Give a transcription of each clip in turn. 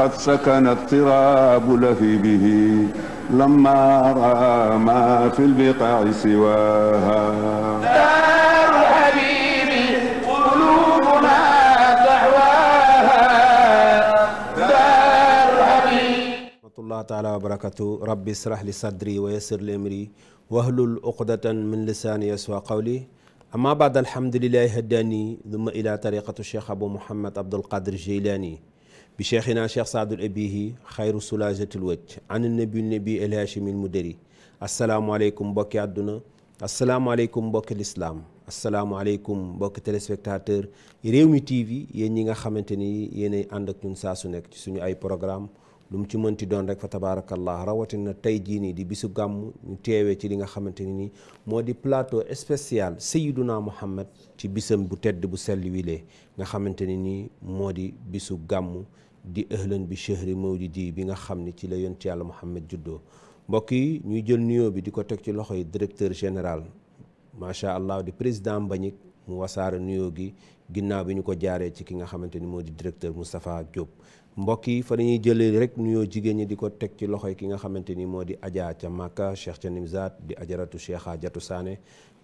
قد سكن اضطراب لثيبه لما رأى ما في البقاع سواها دار حبيبي قلوبنا دعواها دار حبيبي ورحمة الله تعالى وبركاته رب اشرح لي صدري ويسر لي أمري واحلل عقدة من لساني يسوى قولي أما بعد الحمد لله هداني ثم إلى طريقة الشيخ أبو محمد عبد القادر الجيلاني bi cheikhina cheikh saadul abihi xayru sulajatil wëcc an nabi nabi el hashimil mudari asalaamaaleykum mbokki àdduna asalaamaaleykum mbokki lislaam asalaamaaleykum mbokki réew mi TV yéen ñi nga xamante ni yéenay ànd ak ñun saa su nekk ci suñu ay programme lu mu ci mënti doon rek fa tabaarakallah rawatina tey jii nii di bisu gàmm ñu teewee ci li nga xamante ni nii moo di plateau spécial Seyyidouna Muhammad ci bisam bu tedd bu sell wile nga xamante ni nii moo di bisu gàmm di ëhlan bi chehri mawlidi bi nga xam ni ci la yonent yàlla Muhammad juddoo mbokk yi ñuy jël nuyoo bi di ko teg ci loxo yi directeur général macha allah di président mbañik mu wasaara nuyoo gi ginnaaw bi ñu ko jaaree ci ki nga xamante ni moo di directeur Moustapha Diop. mbokk yi fa dañuy jëlee rek nuyoo jigéen ñi di ko teg ci loxo yi ki nga xamante ni moo di Adja ca Makka Cheikh ca Nimzat di ajaratu Cheikha Jatu Saane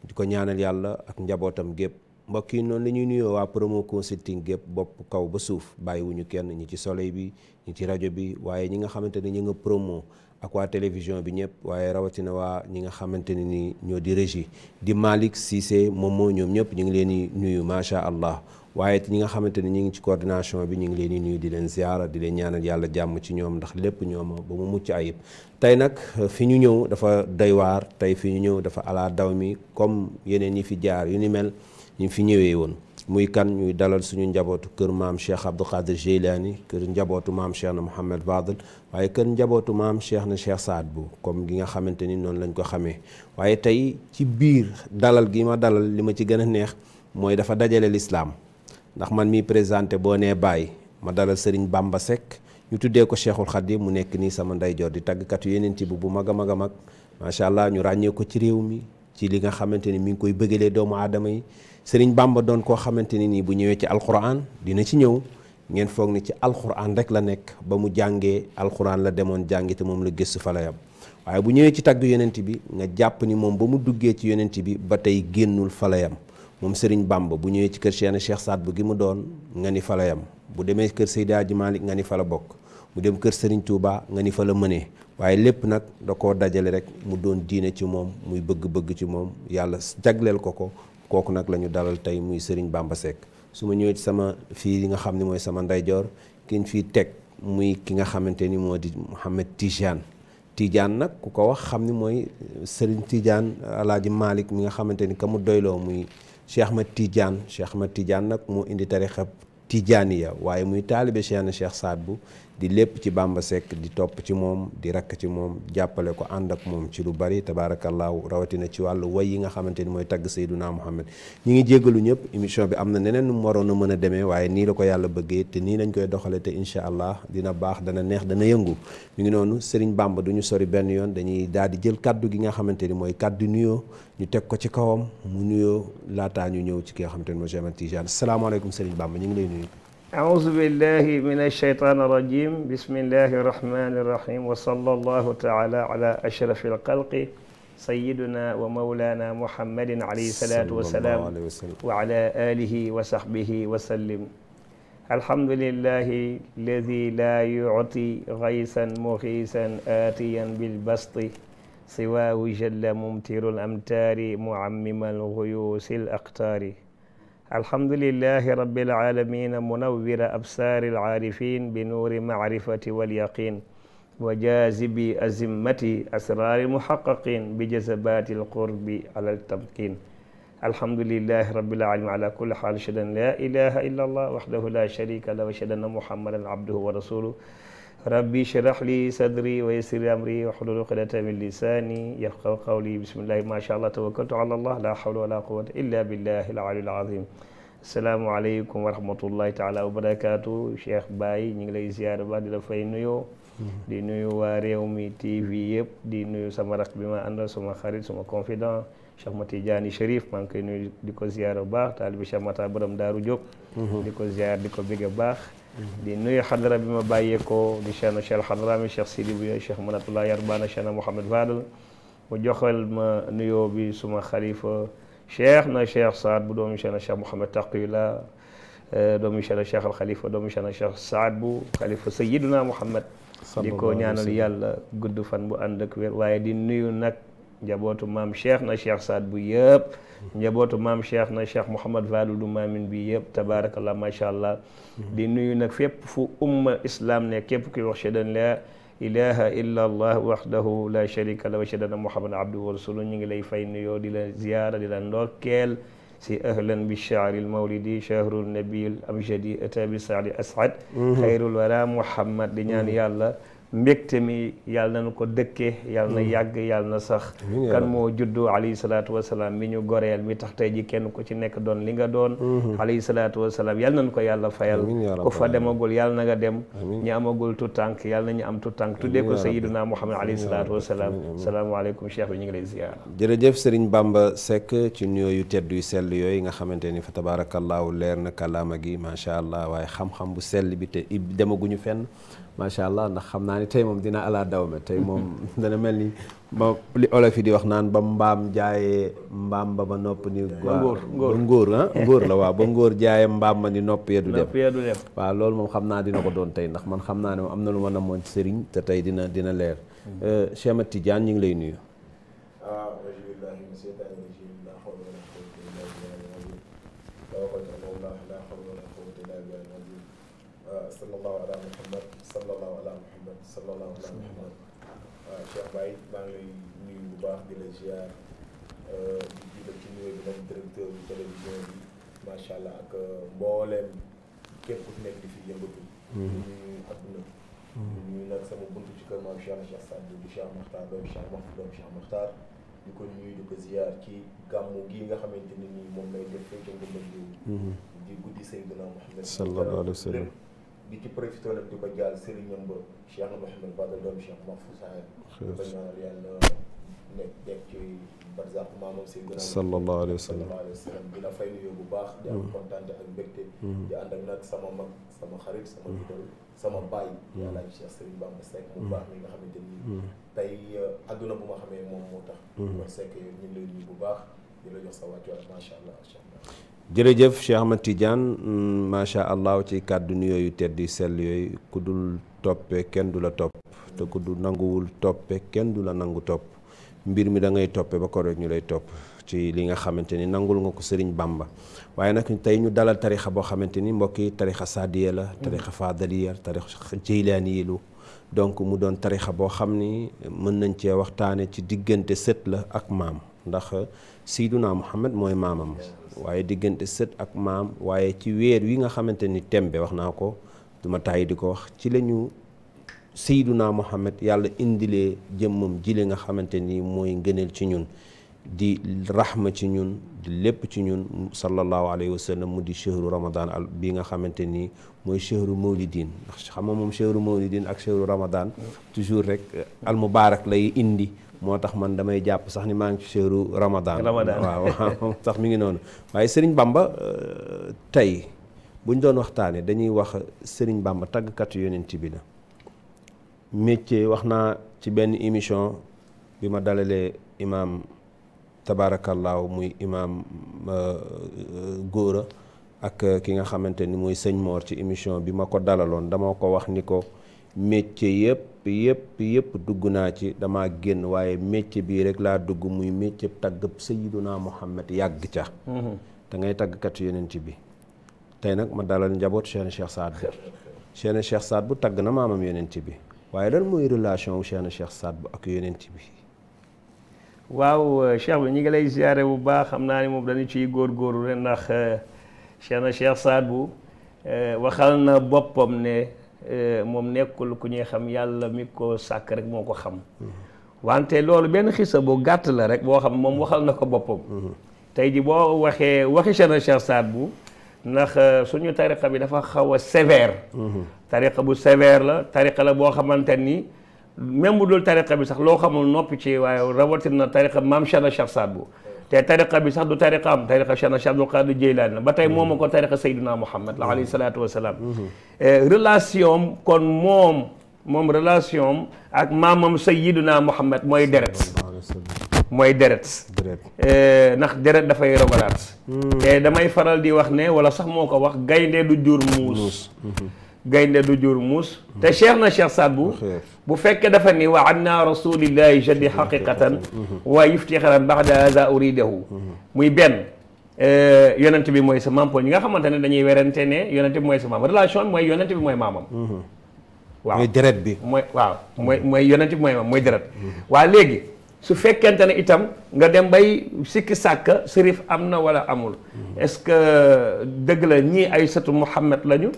di ko ñaanal yàlla ak njabootam gépp mbokk yi noonu la ñuy nuyoo waa promo consulting gépp bopp kaw ba suuf bàyyiwuñu kenn ñi ci soleil bi ñi ci rajo bi waaye ñi nga xamante ne ñi nga promo ak waa télévision bi ñëpp waaye rawatina waa ñi nga xamante ne ni ñoo di régie di Malick Cissé moom moo ñoom ñëpp ñu ngi leen di nuyu macha allah. waaye ñi nga xamante ni ñu ngi ci coordination bi ñu ngi leen di nuyu di leen ziara di leen ñaanal yàlla jàmm ci ñoom ndax lépp ñoom ba mu mucc ayib tey nag uh, fi ñu ñëw dafa doy tey fi ñu ñëw dafa ala daw mi comme yeneen yi fi jaar yu ni mel ñu fi ñëwee woon muy kan ñuy dalal suñu njabootu kër maam Cheikh Abdou Khadir Jeylaani kër njabootu maam na Mouhamed Fadel waaye njabootu maam Cheikh na Cheikh Saad Bou comme gi nga xamante ni noonu lañ ko xamee waaye tey ci biir dalal gi ma dalal li ma ci gën a neex mooy dafa dajale lislaam ndax man mi présenté boo nee bàyyi ma dalal Serigne bàmba Seck ñu tuddee ko Cheikhul Khadim mu nekk nii sama ndeyjoor di tàggkatu yeneen ci bu bu mag a mag a mag macha allah ñu ràññee ko ci réew mi ci li nga xamante ni mi ngi koy bëggalee doomu aadama yi Serigne bàmba doon koo xamante ni nii bu ñëwee ci alxuraan dina ci ñëw ngeen foog ni ci alquran rek la nekk ba mu jàngee alquran la demoon jàngi moom la gëstu fa yam waaye bu ñëwee ci tagg yenent bi nga jàpp ni moom ba mu duggee ci yonent bi ba tey génnul fa la yam moom Serigne Bamba bu ñëwee ci kër Cheikh Cheikh saat bu gi mu doon nga ni fa la yam bu demee kër Seydi Hadji Malick nga ni fa la bokk mu dem kër Serigne Touba nga ni fa la mënee waaye lépp nag da koo dajale rek mu doon diine ci moom muy bëgg-bëgg ci moom yàlla jagleel ko ko kooku nag lañu dalal tey muy Serigne Bamba Seck su ma ñëwee ci sama fii li nga xam ne mooy sama ndeyjoor ki fii teg muy ki nga xamante ni moo di Mouhamed Tijane Tijane nag ku ko wax xam ni mooy Serigne Tijane Alaaji Malick mi nga xamante ni ka mu doyloo muy. Cheikh ma Tidiane Cheikh ma Tidiane nag moo indi tarixa Tijaaniya waaye muy taalibe Cheikhna Cheikh Saad Bou di lépp ci Bamba sekk di topp ci moom di rakk ci moom jàppale ko ànd ak moom ci lu bari tabaarakallaahu rawatina ci wàllu way yi nga xamante ni mooy tagg Seydunaa Muhammad ñi ngi jéggalu ñëpp émission bi am na neneen mu waroon a mën demee waaye nii la ko yàlla bëggee te nii lañ koy doxale te incha allah dina baax dana neex dana yëngu mi ngi noonu Serigne Bamba du ñu sori benn yoon dañuy daal di jël kaddu gi nga xamante ni mooy kaddu nuyoo ñu teg ko ci kawam mu nuyoo laataa ñu ñëw ci ki nga xamante ne mooy Cheikh Ahmed Tidiane salaamaaleykum Serigne Bamba ñu ngi lay nuyu. أعوذ بالله من الشيطان الرجيم بسم الله الرحمن الرحيم وصلى الله تعالى على أشرف الخلق سيدنا ومولانا محمد عليه الصلاة والسلام وعلى آله وصحبه وسلم الحمد لله الذي لا يعطي غيثا مغيثا آتيا بالبسط siwaahu jalla mumtiru al-amtaari muammima al-ghuyuusi al-aqtaari alhamdulillahi rabbil aalamiina munawwira absaari al-aarifiin bi nuuri maarifati wal yaqiin wa jaazibi azimmati asraari muhaqqiqiin bi jazabaati al-qurbi ala al-tamkiin alhamdulillahi rabbil aalamiin ala kulli haal ashhadu an laa ilaaha illa allah wahdahu laa shariika lahu wa ashhadu anna muhammadan abduhu wa rasuluhu rabbi shrah li sadri wa yassir li amri wahlul uqdatan min lisani yafqahu qawli bismillahi ma sha allah tawakkaltu allah la hawla wala quwwata illa billahi al aliyyil azim assalaamu aleykum wa rahmatullahi taala ñu ngi lay ziyaar ba di la fay nuyoo mm-hmm. di nuyo waa réew mi TV yëpp di nuyu sama rakk bi ma àndal sama xarit sama confident Cheikh Matidiane Chérif maa ngi di ko ziyaar bu baax taalibi Cheikh Mata mm-hmm. di ko ziyaar di ko bëgg baax di nuyu xadara bi ma bàyyeekoo di Cheikhna Cheikh Xadrami Cheikh Sidi Bouya Cheikh Manatullah Yarbana Cheikhna Mouhamed Fadal mu joxal ma nuyoo bi suma xalifa Cheikhna Cheikh Saad bu doomu Cheikhna Cheikh Mouhamed Taqiyullah eh, doomu Cheikhna Cheikh al Xalifa doomu Cheikhna Cheikh Saad bu xalifa Sayyiduna Mouhamed di ko ñaanal yàlla gudd fan bu ànd ak wér waaye njabootu maam cheikh na cheikh Saad bu yëpp njabootu maam cheikh na cheikh Mouhamad Validu Maamin bi yëpp tabaarakallah macha allah di nuyu nag fépp fu umma islam ne képp kuy wax shadan la ilaha illa allah waxdahu la sharika la wa shadana muhammadan abduhu wa rasulu ñu ngi lay fay nuyoo di la ziyaara di la ndokkeel si ahlan bi chaari lmawlidi chahru nabil amjadi yàlla mbégte mi na nañu ko dëkkee yàlla na mm. yàgg yàlla na sax kan moo juddu alayhi salaatu wasalaam mi ñu goreel mi tax tey ji kenn ku ci nekk doon li nga doon mm-hmm. alayhi salaatu wasalaam yàlla nañu ko yàlla fayal ku fa demagul yàlla na nga dem ñu amagul tutànk yàlla na ñu am tutànk tuddee ko sayiduna muhammad alayhi salaatu wasalaam salaamaaleykum cheikh bi ñu ngi lay ziar jërëjëf sëriñ Bamba sekk ci nuyooyu tedd yu sell yooyu nga xamante ni fa tabaarakallaahu leer na kalaama gi macha allah waaye xam bu sell bi te demaguñu fenn macha allah ndax xam naa ni tey moom dina alaa dawme tey moom dana mel ni ma li olof yi di wax naan ba mbaam jaayee mbaam ba ba nopp ni ngóor ngóor ah la waaw ba ngóor jaayee mbaam ma ni nopp ya du dem waaw loolu moom xam naa dina ko doon tey ndax man xam naa ne moom am na lu ma namoon sëriñ te tey dina dina leer Cheikh Ahmed Tidiane ñu ngi lay nuyu sallallahu ala muhammad sallallahu ala muhammad waaw Cheikh Baye maa ngi nuyu bu baax di la ziar euh, di jiital ci nuyoo bi nag directeur bu télévision bi macha allah ak euh, mbooleem képp ku nekk di fi yëngatu. ñu mm-hmm. nuyu adduna. ñu mm-hmm. nag sama buntu ci kër maam Cheikh Cheikh Sadio di Cheikh Makhtar doomu Cheikh Mahfou di ko nuyu di ko ziar ci gàmmu gi nga xamante ne nii moom lay def fekk nga mën di guddi Seydina Mouhamed sallallahu alayhi wa sallam di ci profité nag di ko jàll sëriñam ba Cheikh Mouhamed Badal doom Cheikh Mahfou Sahel di ko ñaanal yàlla nekk nekk ci barzaq maamam Seydina sallallahu alayhi wa sallam alayhi wa sallam dina fay nuyoo bu baax di am mm. kontaante ak mbégte mm. di ànd ak nag sama mag sama xarit sama mm. idol sama baay yàlla ak Cheikh Serigne Bamba Seck bu baax mi nga xamante nii tey àdduna uh, bu ma xamee moom moo tax wax Seck yow ñu ngi lay bu baax di la jox sa wàccuwaay macha allah jërëjëf Cheikh Ahmed Tidiane mm, macha allah ci kàddun yooyu yu tedd yu sell yooyu ku dul toppe kenn du la topp te ku du nanguwul toppe kenn du la nangu topp mbir mi da ngay toppe ba ko rek ñu lay topp ci li nga xamante ni nangul nga ko Serigne bàmba waaye nag tey ñu dalal tarixa boo xamante ni mbokk yi tarixa Sadiya la. tarixa Fadaliya tarixa Jeylaani lu donc mu doon tarixa boo xam ni mën nañ cee waxtaane ci diggante sët la ak maam ndax Seyduna Muhammad mooy maamam. waaye diggante sët ak maam waaye ci weer wi nga xamante ni tembe wax naa ko duma tàyyi di ko wax ci lañu sayyiduna Muhammad yàlla indilee jëmmam jile nga xamante ni mooy ngëneel ci ñun di rahma ci ñun di lépp ci ñun sallallahu alayhi wa sallam mu di chehru ramadan al bi nga xamante ni mooy chehru mawlidin ndax xam nga moom chehru mawlidin ak chehru ramadan toujours rek al mubaarak lay indi moo tax man damay jàpp sax ni maa ngi ci seeru Ramadan. Ramadan sax mi ngi noonu. waaye Serigne Bamba euh, tey bu ñu doon waxtaanee dañuy wax Serigne Bamba tàggkatu yonent bi la. métier wax naa ci benn émission bi ma dalalee imaam tabaarakallaahu muy imaam euh, euh, góora ak ki nga xamante ni mooy sëñ Mor ci émission bi ma ko dalaloon dama ko wax ni ko. métier yëpp yëpp yëpp dugg naa ci dama génn waaye métier bii rek laa dugg muy métier tàgg Sayyiduna Muhammad yàgg ca da mhm. ngay tàggkat yonent bi tey nag ma dalal njaboot Cheikhna Cheikh Saad Bou Cheikhna Cheikh Saad Bou tàgg na bi waaye lan mooy relation wu ak yonent bi waaw euh, Cheikh bi ñi ngi lay ziare bu baax xam naa ni moom dañu ciy góorgóorlu rek ndax euh, Cheikhna Cheikh Saad Bou euh, waxal na boppam ne Euh, moom nekkul ku ñuy xam yàlla mi ko sàkk rek moo ko xam mhm. wante loolu benn xisa bu gàtt la rek boo xam moom waxal na ko boppam mhm. tey ji boo waxee waxi Cheikhna Cheikh Saad Bou ndax euh, suñu tariqa bi dafa xaw a sévère mhm. tariqa bu sévère la tariqa la boo xamante ni même bu dul tariqa bi sax loo xamul noppi ci waaye rawatina tariqa maam Cheikhna Cheikh Saad Bou te tariqa bi sax du tariqa am tariqa Cheikhna Cheikh Abdul Qadir Jeylaani la ba tey moom a ko tariqa Seydina Muhammad la mm-hmm. alayhi salaatu wasalaam mm-hmm. eh, relation kon moom relation ak maamam Seydina Muhammad mooy deret mooy deret eh, ndax deret dafay rogalaat mm-hmm. te damay faral di wax ne wala sax moo ko wax gaynde du jur muus gaynde du jur mus te cheikh na cheikh Saad bu fekkee dafa ni wa an na rasulillahi jaddi xaqiqatan wa iftixaran baxda hada uridahu muy benn euh, yonent bi mooy sa maam ñi nga xamante ne dañuy werante ne yonent bi mooy sa maam relation bi mooy yonent bi mooy maamam waaw bi mooy waaw mooy mooy yonent bi mooy maam mooy deret waa léegi su fekkente ne itam nga dem bay sikki sàkk sërif am na wala amul est-ce que dëgg la ñii ay sëtu Muhammad lañu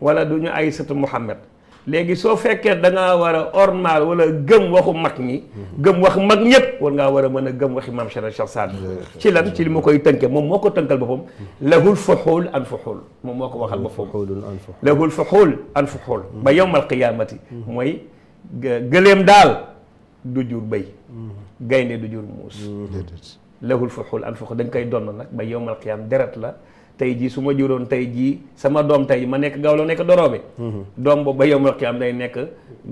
wala du ay Aysatu Muhammad léegi soo fekkee da ngaa war a ormal wala gëm waxu mag ñi gëm wax mag ñëpp war ngaa war a mën a gëm waxi maam Cheikh Cheikh Saad ci lan ci li ma koy tënke moom moo ko tënkal boppam lahul fuxuul an fuxuul moom moo ko waxal boppam lahul fuxuul an fuxuul ba yowmal qiyaamati mooy gëleem daal du jur béy gaynde du jur muus mm-hmm. lahul fuxuul an fuxuul dañ koy donn nag ba yowmal qiyaam deret la tey jii su ma juróon tey jii sama doom tey ma nekk gawlo nekk doroobe mhm. doom boobu ba yow wax ci am day nekk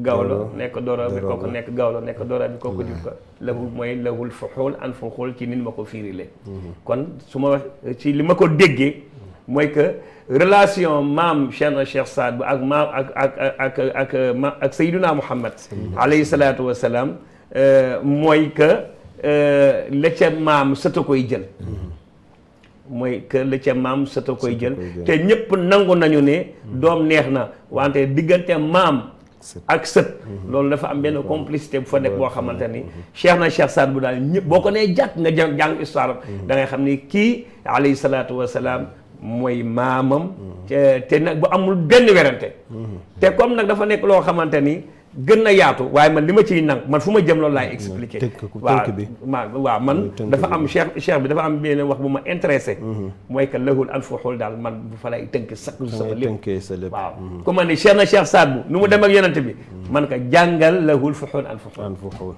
gawlo nekk doroobe kooku nekk gawlo nekk doroobe kooku di ko lahul mooy lahul fuxul an fuxul ci nit ma ko fiirile mhm. kon su ma ci li ma ko déggee mooy que relation maam Cheikh Cheikh Saad bu ak maam ak ak ak ak ak Seydina Muhammad alayhi salaatu wa salaam euh, mooy que euh, la ca maam sëta koy jël mhm. mooy kër la ca maam sëta koy jël te ñëpp nangu nañu ne mm-hmm. doom neex na wante diggante maam ak sët mm-hmm. loolu dafa am benn complicité bu fa nekk boo xamante ni mm-hmm. cheikh na cheikh Saad bu daal ñëpp boo ko nee jàkk nga jàng histoire da ngay xam ni kii alayhi salaatu wasalaam mooy maamam te nag bu amul benn werante te comme nag dafa nekk loo xamante ni gën na yaatu waaye man li ma ciy nang man fu ma jëm loolu laay expliqué waaw waaw man dafa am cheikh cheikh bi dafa am benn wax bu ma intéressé mhm. mooy que lahul xool daal man bu fa lay tënk sax sama lépp waaw mhm. ku ma ne cheikh na cheikh Saad bu nu mu mhm. dem ak yonent bi man ka jàngal lahul fuxul alfuxul alfuxul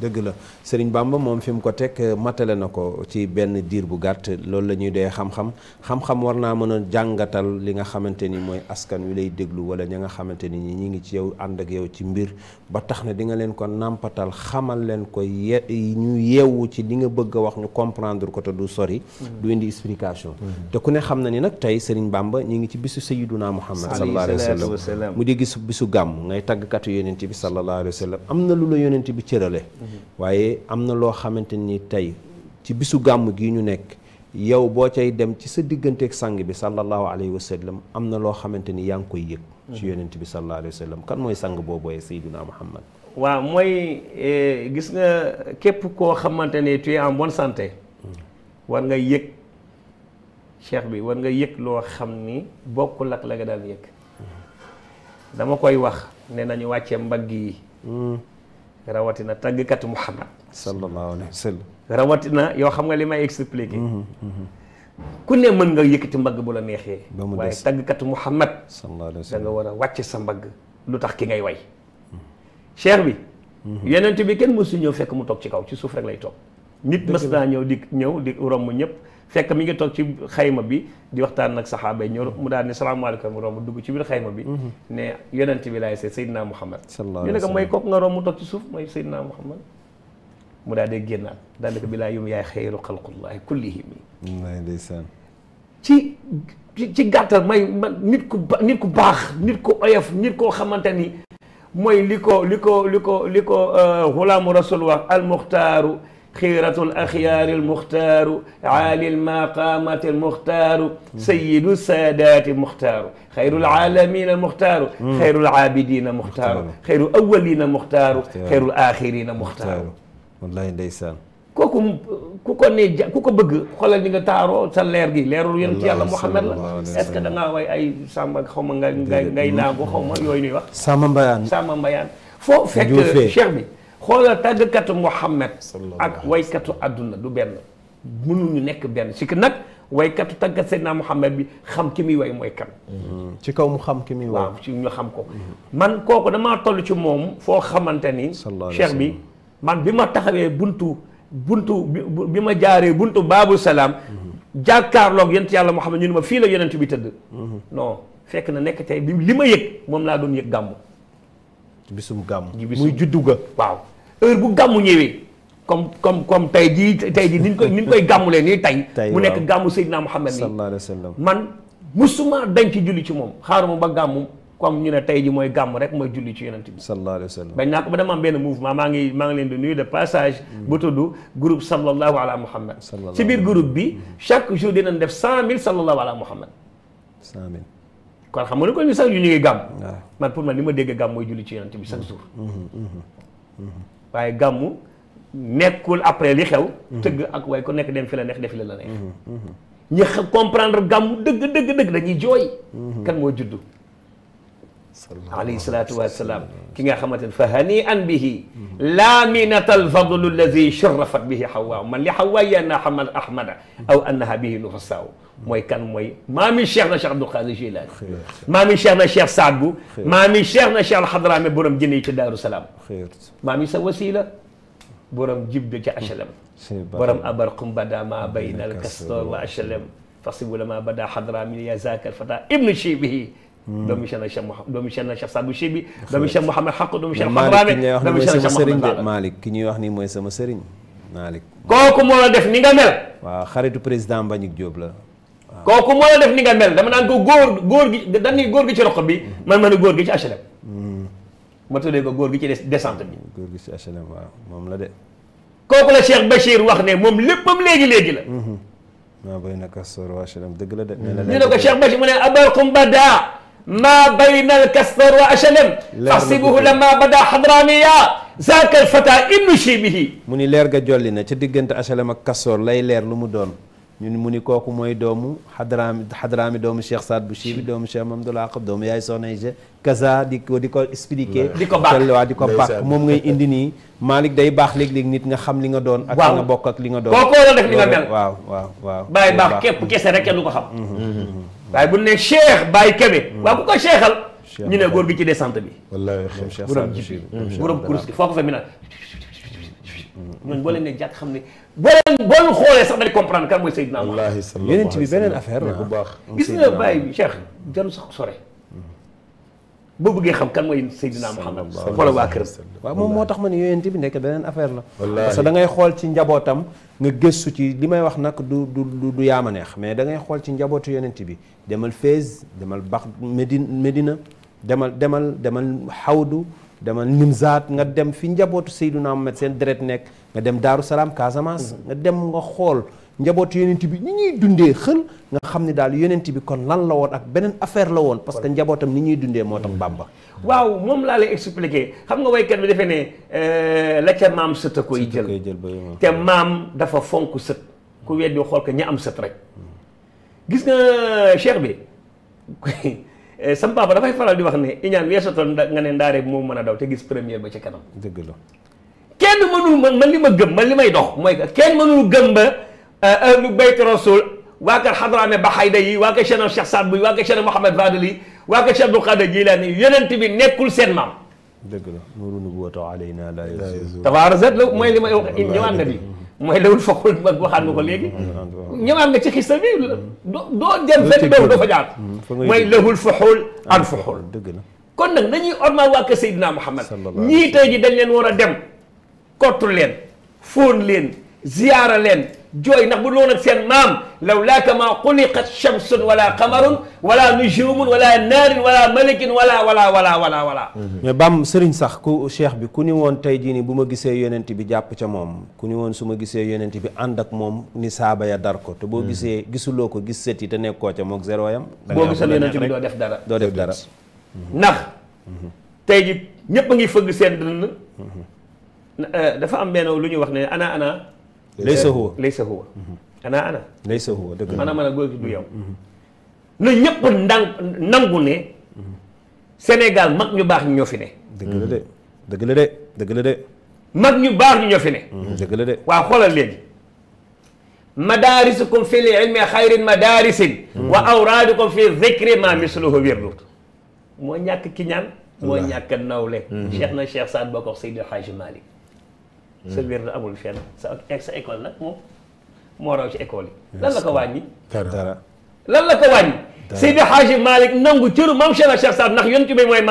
dëgg la Serigne Bamba moom fi mu ko teg euh, matale na ko ci benn diir bu gàtt loolu la ñuy dee xam-xam xam-xam war naa mën a jàngatal li nga xamante ni mooy askan wi lay déglu wala ña nga xamante ni ñi ngi ci yow ànd ak yow ci mbir ba tax na di nga leen ko nàmpatal xamal leen ko ye ñu yeewu ci li nga bëgg a wax ñu comprendre ko te du sori mm-hmm. du indi explication mm-hmm. te ku ne xam na ni nag tey Serigne Bamba ñu ngi ci bisu Sayyiduna Muhammad sallallahu alayhi wa sallam mu di gis bisu gàmm ngay tàggkatu yonent bi sallallahu alayhi am na lu la yonent bi cërale mm-hmm. waaye am na loo xamante ni tey ci bisu gàmm gi ñu nekk yow boo cay dem ci sa digganteeg sang bi sallallahu alayhi wa sallam am na loo xamante ni yaa ngi koy yëg. ci mhm. yonent bi sallallahu alayhi wa kan mooy sang boobooyee Seydina Muhammad. waa mooy e, gis nga képp koo xamante ne tu es en bonne hmm. war nga yëg cheikh bi war nga yëg loo xam ni bokkul ak la nga daan yëg. Hmm. dama koy wax ne nañu wàccee mbagg yi. Hmm. rawatina tàggkatu Muhammad. sallallahu rawatina yow xam nga li may expliquer. Mhm, mhm. ku ne mën nga yëkkati mbagg bu la neexee. ba mu des waaye tàggkatu Muhammad. sallallahu alayhi wa sallam war a wàcc sa mbagg lu tax ki ngay way. cheikh bi. Mhm. yonent bi kenn mësu ñëw fekk mu toog ci kaw ci suuf rek lay toog. nit mës naa ñëw di ñëw di romb ñëpp fekk mi ngi toog ci xayma bi di waxtaan nag saxaaba yi ñëw mu daal ne salaamaaleykum romb dugg ci biir xayma bi. ne yonent bi laay seet Seydina Muhammad. sallallahu alayhi wa sallam ñu ne ko mooy kooku nga romb mu toog ci suuf mooy Seydina Muhammad mu daal di génnaat daanaka bi laa yum yaay xayru xalqullahi kullihim ndeysaan ci ci gàttal may man nit ku ba nit ku baax nit ku oyof nit koo xamante ni mooy li ko li ko li ko li ko euh, xulaamu rasul wax almuxtaaru xiiratu alaxiyaari almuxtaaru aali almaqaamati almuxtaaru sayidu saadaati muxtaaru xayru alaalamina hmm. muxtaaru xayru alaabidina muxtaaru xayru awalina muxtaaru xayru alaaxirina muxtaaru wallaay ndeysaan kooku ku ko ne ku ko bëgg xoolal ni nga taaroo sa leer gi leerul yonent yàlla Muhammad la est-ce que da ngaa way ay sàmba xaw ma nga ngay naagu xaw ma yooyu nuy wax sàmba mbayaan sàmba mbayaan foo fekk cheikh bi xoolal tàggkatu Muhammad ak waykatu àdduna du benn ñu nekk benn si que nag waykatu tàggat naa Muhammad bi xam ki muy way mooy kan mm-hmm. ci kaw mu xam ki muy way waaw ñu xam ko man kooku damaa toll ci moom foo xamante ni cheikh bi man bi ma taxawee buntu buntu bi ma jaaree buntu baabu salaam jàkkaarloog yent yàlla moo xam ne ñu ne ma fii la yonent bi tëdd non fekk na nekk tey bi li ma yëg moom laa doon yëg gàmmu bisum gàmmu muy juddu ga waaw heure bu gàmmu ñëwee comme comme comme tey jii tey jii niñ koy niñ koy gàmmulee nii tey mu nekk gàmmu Seydina Muhammad nii man musuma dañ ci julli ci moom xaar xaaruma ba gàmmu comme ñu ne tey ji mooy gàmm rek mooy julli ci yonent bi sallallahu alayhi wa sallam bañ naa ko ba dama am benn mouvement maa ngi maa ngi leen di nuyu de passage bu tudd groupe sallallahu ala muhammad ci biir group bi chaque jour dinañ def cent mille sallallahu ala muhammad cent mille kon xam nga ne ko ñu sax ñu ngi gàmm man pour man li ma dégg gàmm mooy julli ci yonent bi chaque jour mm-hmm, mm-hmm, mm-hmm. waaye gàmmu nekkul après yi xew tëgg ak way ko nekk dem fi la neex def la la neex ñi comprendre gàmm dëgg dëgg dëgg dañuy jooy kan moo juddu alayhi salaatu wassalaam ki nga xamante ne fa hani an bihi laaminata alfadlu alladi sharrafat bihi xawaa man li xawaa yanna xamal ahmada aw annaha bihi nufassaaw mooy kan mooy maami cheikh na cheikh abdul qadir jilaani maami cheikh na cheikh saad bu maami cheikh na cheikh alxadraame borom jinne ci daaru salaam maami sa wasila borom jibbe ci HLM borom abarqum bada ma bayna alkastoor wa HLM fasibu lama bada xadraami ya zaaka alfata ibnu chibihi Hmm. doomu Cheikh na Cheikh Mouhamed doomu Cheikh na Cheikh Sadou Chibi doomu Cheikh Mouhamed Xaq doomu Cheikh Xadraame doomu Cheikh na Cheikh Mouhamed Malick ki ñuy wax ni mooy sama sëriñ Malick kooku moo la def ni nga mel waaw xaritu président Mbagnick Diop la kooku moo la def ni nga mel dama naan ko góor góor gi dañuy góor gi ci roq bi hmm. man ma ne góor gi ci HLM hmm. ma tuddee ko góor gi ci descente bi góor gi ci HLM waaw moom la de kooku la Cheikh Bachir wax ne moom léppam léegi-léegi la maa bay naka sor waa HLM dëgg la de ñu ne ko Cheikh Bachir mu ne abarkum badaa ما بين الكسر وأشلم أحسبه لما بدا حضرانيا zaaka al fata ibnu shibihi mu ni leer ga jolli na ca diggante HLM ak Kastoor lay leer lu mu doon ñun mu ni kooku mooy doomu xadraami xadraami doomu Cheikh Saad bu Chibi hmm. doomu Cheikh Mamadou Aqab doomu yaay Soxna Aïcha kaza di ko di ko expliqué hmm. di ko waa di ko moom ngay indi nii Malick day baax léeg-léeg nit nga xam li nga doon ak nga bokk ak li nga doon waaye bu ne Cheikh Baye Kébé. Hmm. waaw ku ko Cheikhal. ñu ne góor gi ci descente bi. wallaahi xam Cheikh Sadou Chine foo ko fa mi naan. Hmm. ñooñu boo leen ne xam ne boo leen boo leen xoolee sax dañ comprendre kan mooy Seydina Muhammad. wallaahi sallallaahu alayhi wa sallam yeneen bi beneen affaire la bu baax. gis nga Baye bi Cheikh jaru sax sore. boo bëggee xam kan mooy Seydina Muhammad xoolal moom moo tax ma ne yonent bi nekk beneen affaire la parce que xool ci njabootam nga gëstu ci li may wax nag du du du yaama neex mais da ngay xool ci njabootu yonent bi demal Fès demal Bax Medina Medina demal demal demal Xawdu demal Nimzaat nga dem fi njabootu Seydina Ahmed seen deret nekk nga dem Daaru Salaam Casamance. Mhm. nga dem nga xool njaboot yonent bi ni ñuy dundee xël nga xam ne daal yonent bi kon lan la woon ak beneen affaire la woon. parce que njabootam ni ñuy dundee moo tax Bàmba. Mhm. waaw moom laa lay expliqué xam nga waykat bi defee ne euh, la ca maam sët a koy jël te maam dafa fonk sët ku weddi xool ko ña am sët gis nga cheikh bi sam papa dafay faral di wax ne iñaan weesatoon nga ne ndaare bi moo mën a daw te gis première ba ci kanam. dëgg la kenn mënul man man li ma gëm man li may dox mooy que kenn mënul gëm ba eh, ahlu bayt rasul waa kër xadraame baxayda yi waa kër Cheikh Cheikh Saad Bouy waa kër Cheikh Mouhamed Fadel yi waa kër Cheikh Abdul Qadir Jilaani yonent bi nekkul seen maam. dëgg la. nuuru nubuwwata alayna la tabaaraka la mooy li may wax ñëwaat na bi mooy lawul fokkul mag waxaan nga ko léegi ñëwaat nga ci xista bi doo doo jëm fenn doo doo fa jaar mm-hmm. mooy lawul foxul an mm-hmm. foxul kon nag na ormal waa kër Seydina Muhammad ñii tey ji dañ leen war a dem kottu leen fóon leen ziyaara leen jooy ndax bu dul woon ak seen maam lawlaa kamaa xuliqat shamsun wala qamarun wala nujumun wala naarin wala malikin wala wala wala wala wala mais bam sëriñ sax ku cheikh bi ku ni woon tey jii ni bu ma gisee yonent bi jàpp ca moom ku ni woon su ma gisee yonent bi ànd ak moom ni saaba ya dar ko te boo hmm. gisee gisuloo ko gis sët yi te nekkoo ca mook zéro yam boo gisal yonent bi doo def dara doo def dara ndax tey ji ñépp a ngi fëgg seen dënn hmm. eh, dafa am benn lu ñuy wax ne ana laysa huwa laysa huwa ana ana laysa huwa dëgg ana man a góor gi du yow mhm. na ñëpp ndànk nangu ne mhm. Sénégal mag ñu baax ñoo fi ne dëgg la de dëgg la de dëgg la de mag ñu baax ñu ñoo fi ne mhm. dëgg la de waaw xoolal léegi madaarisukum fi l-ilmi xayrin madaarisin wa awraadukum fi zikri ma misluhu wirdut moo ñàkk ki ñaan moo ñàkk nawle cheikh na cheikh Saad Bokor Seydi El Hadji Malick sa wér la amul fenn sa sa école nag moom moo raw yi. lan la ko wàññi. dara lan la ko wàññi. dara Seydi Hadji Malick nangu cëru ndax yonent bi mooy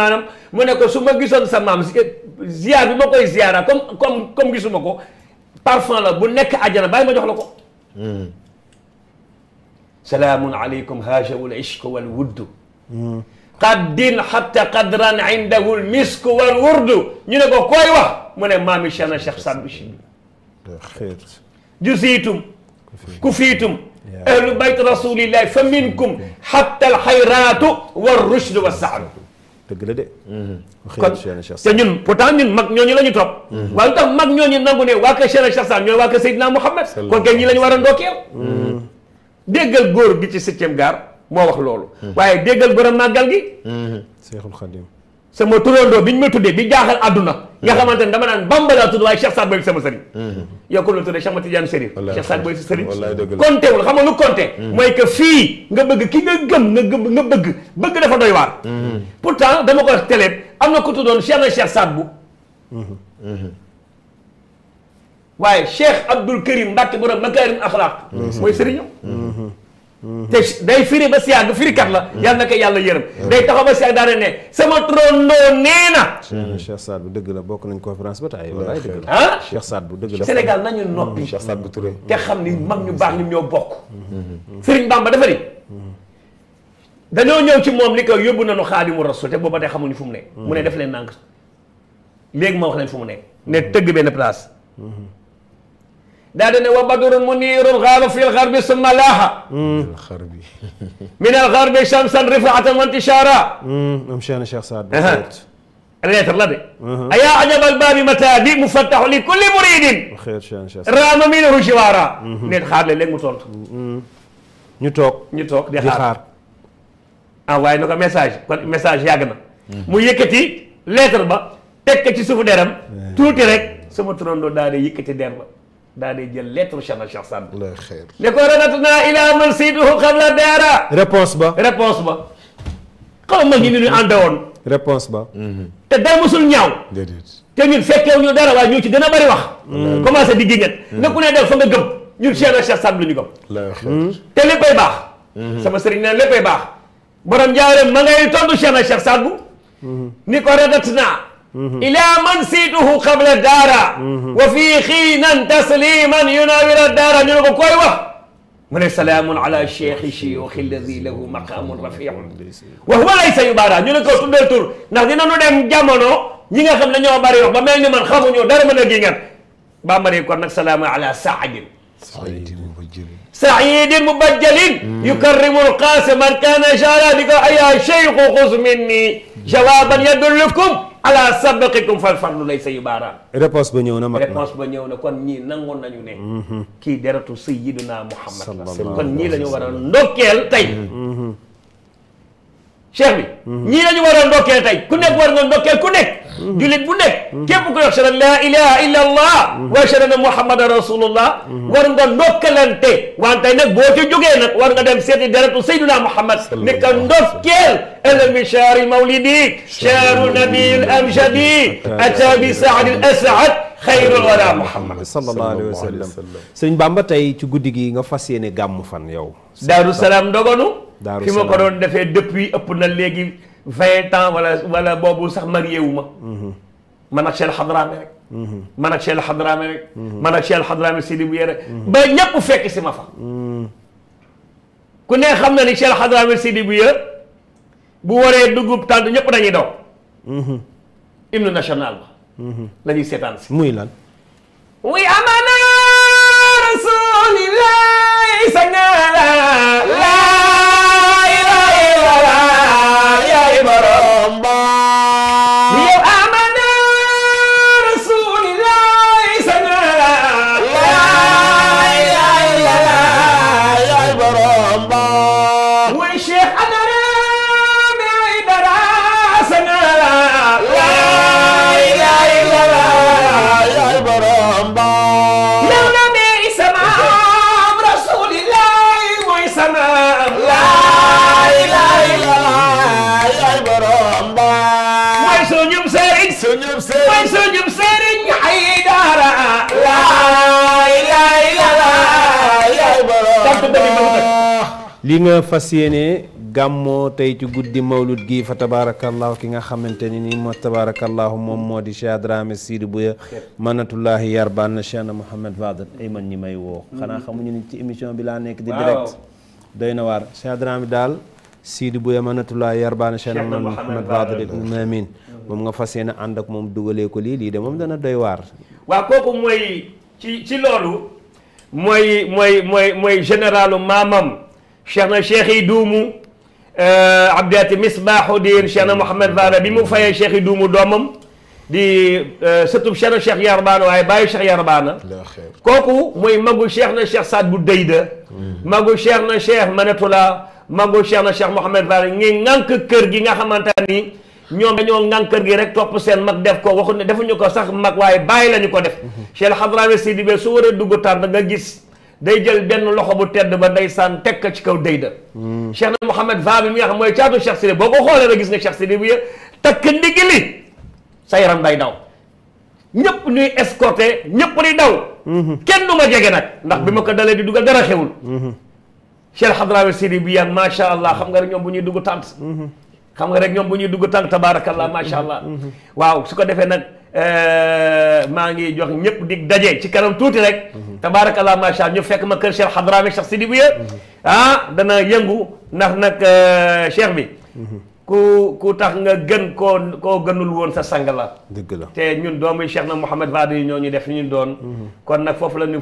mu ne ko su ma gisoon sa maam ziar bi ma koy ziara comme comme comme ko parfum la bu nekk àjjana bàyyi ma jox la ko. Hmm. salaamun aleykum haajawul ishq wal wudd. Hmm. qaddin hatta qadran indahu l misk wal wurdu ñu ne ko koy wax mu ne maami chana cheikh sadbu chibi jusiitum kufiitum ahlu bayt rasulillahi fa minkum hatta al xayratu war rushdu wa saadu dëgg la de kon te ñun pourtant ñun mag ñooñu la ñu topp mm-hmm. waaye lu tax mag ñooñu nangu ne waa ka chana cheikh sad ñooy waa ka Seydina Mouhamed kon kay ñi la ñu war a ndokkeel mm-hmm. déggal góor gi ci septième gaar moo wax loolu. waaye dëggal bërëm borom màggal gi. Seexul Xadim. sama turandoo bi ñu ma tuddee bi jaaxal àdduna. nga mm. xamante ne dama naan Bamba laa tudd waaye Cheikh Saad Bou sama sëriñ. Mm. yow ko la tuddee Cheikh Matidiane Sëriñ. wallaay Cheikh Saad Bou si sëriñ. wallaay dëgg la compté wul xam nga lu compté. Mm. mooy que fii nga bëgg ki nga gëm nga gëm nga bëgg bëgg dafa doy waar. pourtant dama ko wax télé am na ku tuddoon Cheikh na Cheikh Saad Bou. Mm-hmm. Mm-hmm. waaye Cheikh Abdoul Karim Mbacke borom Makarim Akhlaq. Mm-hmm. mooy sëriñam. Mhm. te day firi ba siyaag kat la mhm. yal na ko yàlla yërëm mhm. day taxaw ba siyaag daal ne sama trondoo nee na Cheikh Saad bu dëgg la bokk nañ conférence ba tay wallaay dëgg ah? bu dëgg la Sénégal nañu noppi Cheikh Saad bu Touré te xam ni mag ñu baax ñu ñoo bokk Sëriñ Bamba dafa ni dañoo ñëw ci moom li ko yóbbu nañu Xaadimu Rasul te booba tey xamuñu fu mu nekk mu ne def leen nànk léegi ma wax leen fu mu nekk ne tëgg benn place daa dane wa badrun munirun xaaba fi lxarbi summa laaha hmm. xarbi min alxarbi shamsan rifaatan wa intishaara hmm. hmm. mu tontu ñu toog ñu toog di xaar ah, na ko yàgg na mu yëkkati lettre ba teg ko de eh. yëkkati ba daa dee jël lettre Cheikhna Cheikh Saad Bou. la xeer ne ko radatna ila man sayyiduhu qabla daara. réponse ba réponse ma ñu ni ñu àndewoon. ba. Mhm. te daa mosul ñaaw. déedéet te ñun fekkew ñu dara waaye ñoo ci gën a bari wax. commencé di génneet. Mhm. ne ku ne def fa nga gëm ñun Cheikhna Cheikh Saad Bou la ñu gëm. Mhm. te léppay baax. sama sëriñ ne léppay baax. borom jaaree ma ngay tontu Cheikhna Cheikh Saad ni ko radatna ilaa man siituhu qabla daara wa fii xiinan tasliman yunawira daara ñu ne ko koy wax mu ne salaamun ala cheikhi chiyuxi alladi lahu maqaamun rafiun wa huwa laysa yubaara ñu ne ko tuddal tur ndax dinañu dem jamono ñi nga xam ne ñoo bari wax ba mel ni man xamuñu dara mën a gi ngan ba mari kon nag salaamun ala saadin saidin mubajjalin yukarrimu alqaase man kaana jaara di ko ayaa cheikhu xus minni jawaban yadullukum ala sabaqikum fal fardu lay sayu baaraam. réponse ba ñëw na mag na réponse ba ñëw na kon ñii nangoon nañu ne. Mhm. kii deratu sayyiduna Muhammad. kon ñii la ñu war a ndokkeel tey. Mhm. cheikh bi mhm. ñii lañu war a ndokkee tey ku nekk war nga ndokkee ku nekk mhm. jullit bu nekk mhm. képp ku wax ashhadu an laa ilaha illa allah wa ashhadu anna muhammadan rasulullah war nga ndokkalante wantey nag boo ci jógee nag war nga dem seeti deretu sayduna muhammad ne ka ndokkeel ëllëg min chahri mawlidi chahru nabil amjadi ata bi saadi al asad xayrul wara muhammad sallallahu alayhi wa sallam sëriñ bàmba tey ci guddi gi nga fas yéene gàmmu fan yow daaru salaam dogonu fi ma ko doon defee depuis ëpp na léegi vingt ans wala wala boobu sax marié ma mhm. man ak Cheikh Hadrame rek mhm. man ak Cheikh Hadrame rek mhm. man ak Cheikh Hadrame ne xam na ni Cheikh bu waree dugub tànt ñëpp dañuy daw hymne national ba la nga fas yéene gàmmoo tey ci guddi mawlud gi fa tabaarakallaahu ki nga xamante ni nii moo tabaarakallaahu moom moo di Cheikh Dramé Sidi Bouya manatullaahi yarbaan na Cheikh na Mouhamed Fadal ay man ñi may woo xanaa xamuñu ni ci émission bi laa nekk di direct doy na waar Cheikh daal Sidi Bouya manatullaahi yarbaan na Cheikh na Mouhamed Fadal amin moom nga moom dugalee ko lii lii de moom dana doy waa kooku mooy ci ci cheikh na cheikh yi duumu eh, abdiati misbahuddin cheikh na mouhamad vara bi mu fayee cheikh yi duumu doomam di eh, sëtub cheikh na cheikh yarbaana waaye bàyyi cheikh yarbaana kooku mooy magu cheikh na cheikh saad bu dayda mm. magu cheikh na cheikh manatula magu cheikh na cheikh mouhamad vara ngi ngànk kër gi nga xamante ni ñoom dañoo ngànk kër gi rek topp seen mag def ko waxu ne defuñu ko sax mag waaye bàyyi lañu ko def mm-hmm. cheikh alxadrami sidi be su a dugg tànn nga gis day jël benn loxo bu tedd ba ndeysaan teg ko ci kaw dayda hmm. Cheikh na Mouhamed va bi mi nga xam mooy caatu Cheikh Sidi boo ko xoolee rek gis nga Cheikh Sidi bu yë takk ndigili sa yaram day daw ñëpp ñuy escorté ñëpp di daw hmm. kenn du ma jege nag ndax bi ma ko dalee di dugal dara xewul hmm. Cheikh Hadrawi Sidi bi yan macha allah xam nga rek ñoom bu ñuy dugg tànt xam nga rek ñoom bu ñuy dugg tànt tabaarakallah macha allah waaw su ko defee nag Euh, maa ngi jox ñëpp dig daje ci kanam tuuti rek mhm. tabaarakallah macha allah ñu fekk ma kër Cheikh Hadrami si di Bouye mhm. ah dana yëngu ndax nag euh, cheikh bi mhm. ku ku tax nga gën koo koo gënul woon sa sang la dëgg la te ñun doomu Cheikh na Mouhamed Vadi yi ñoo ñu def ñu doon kon nag foofu la ñu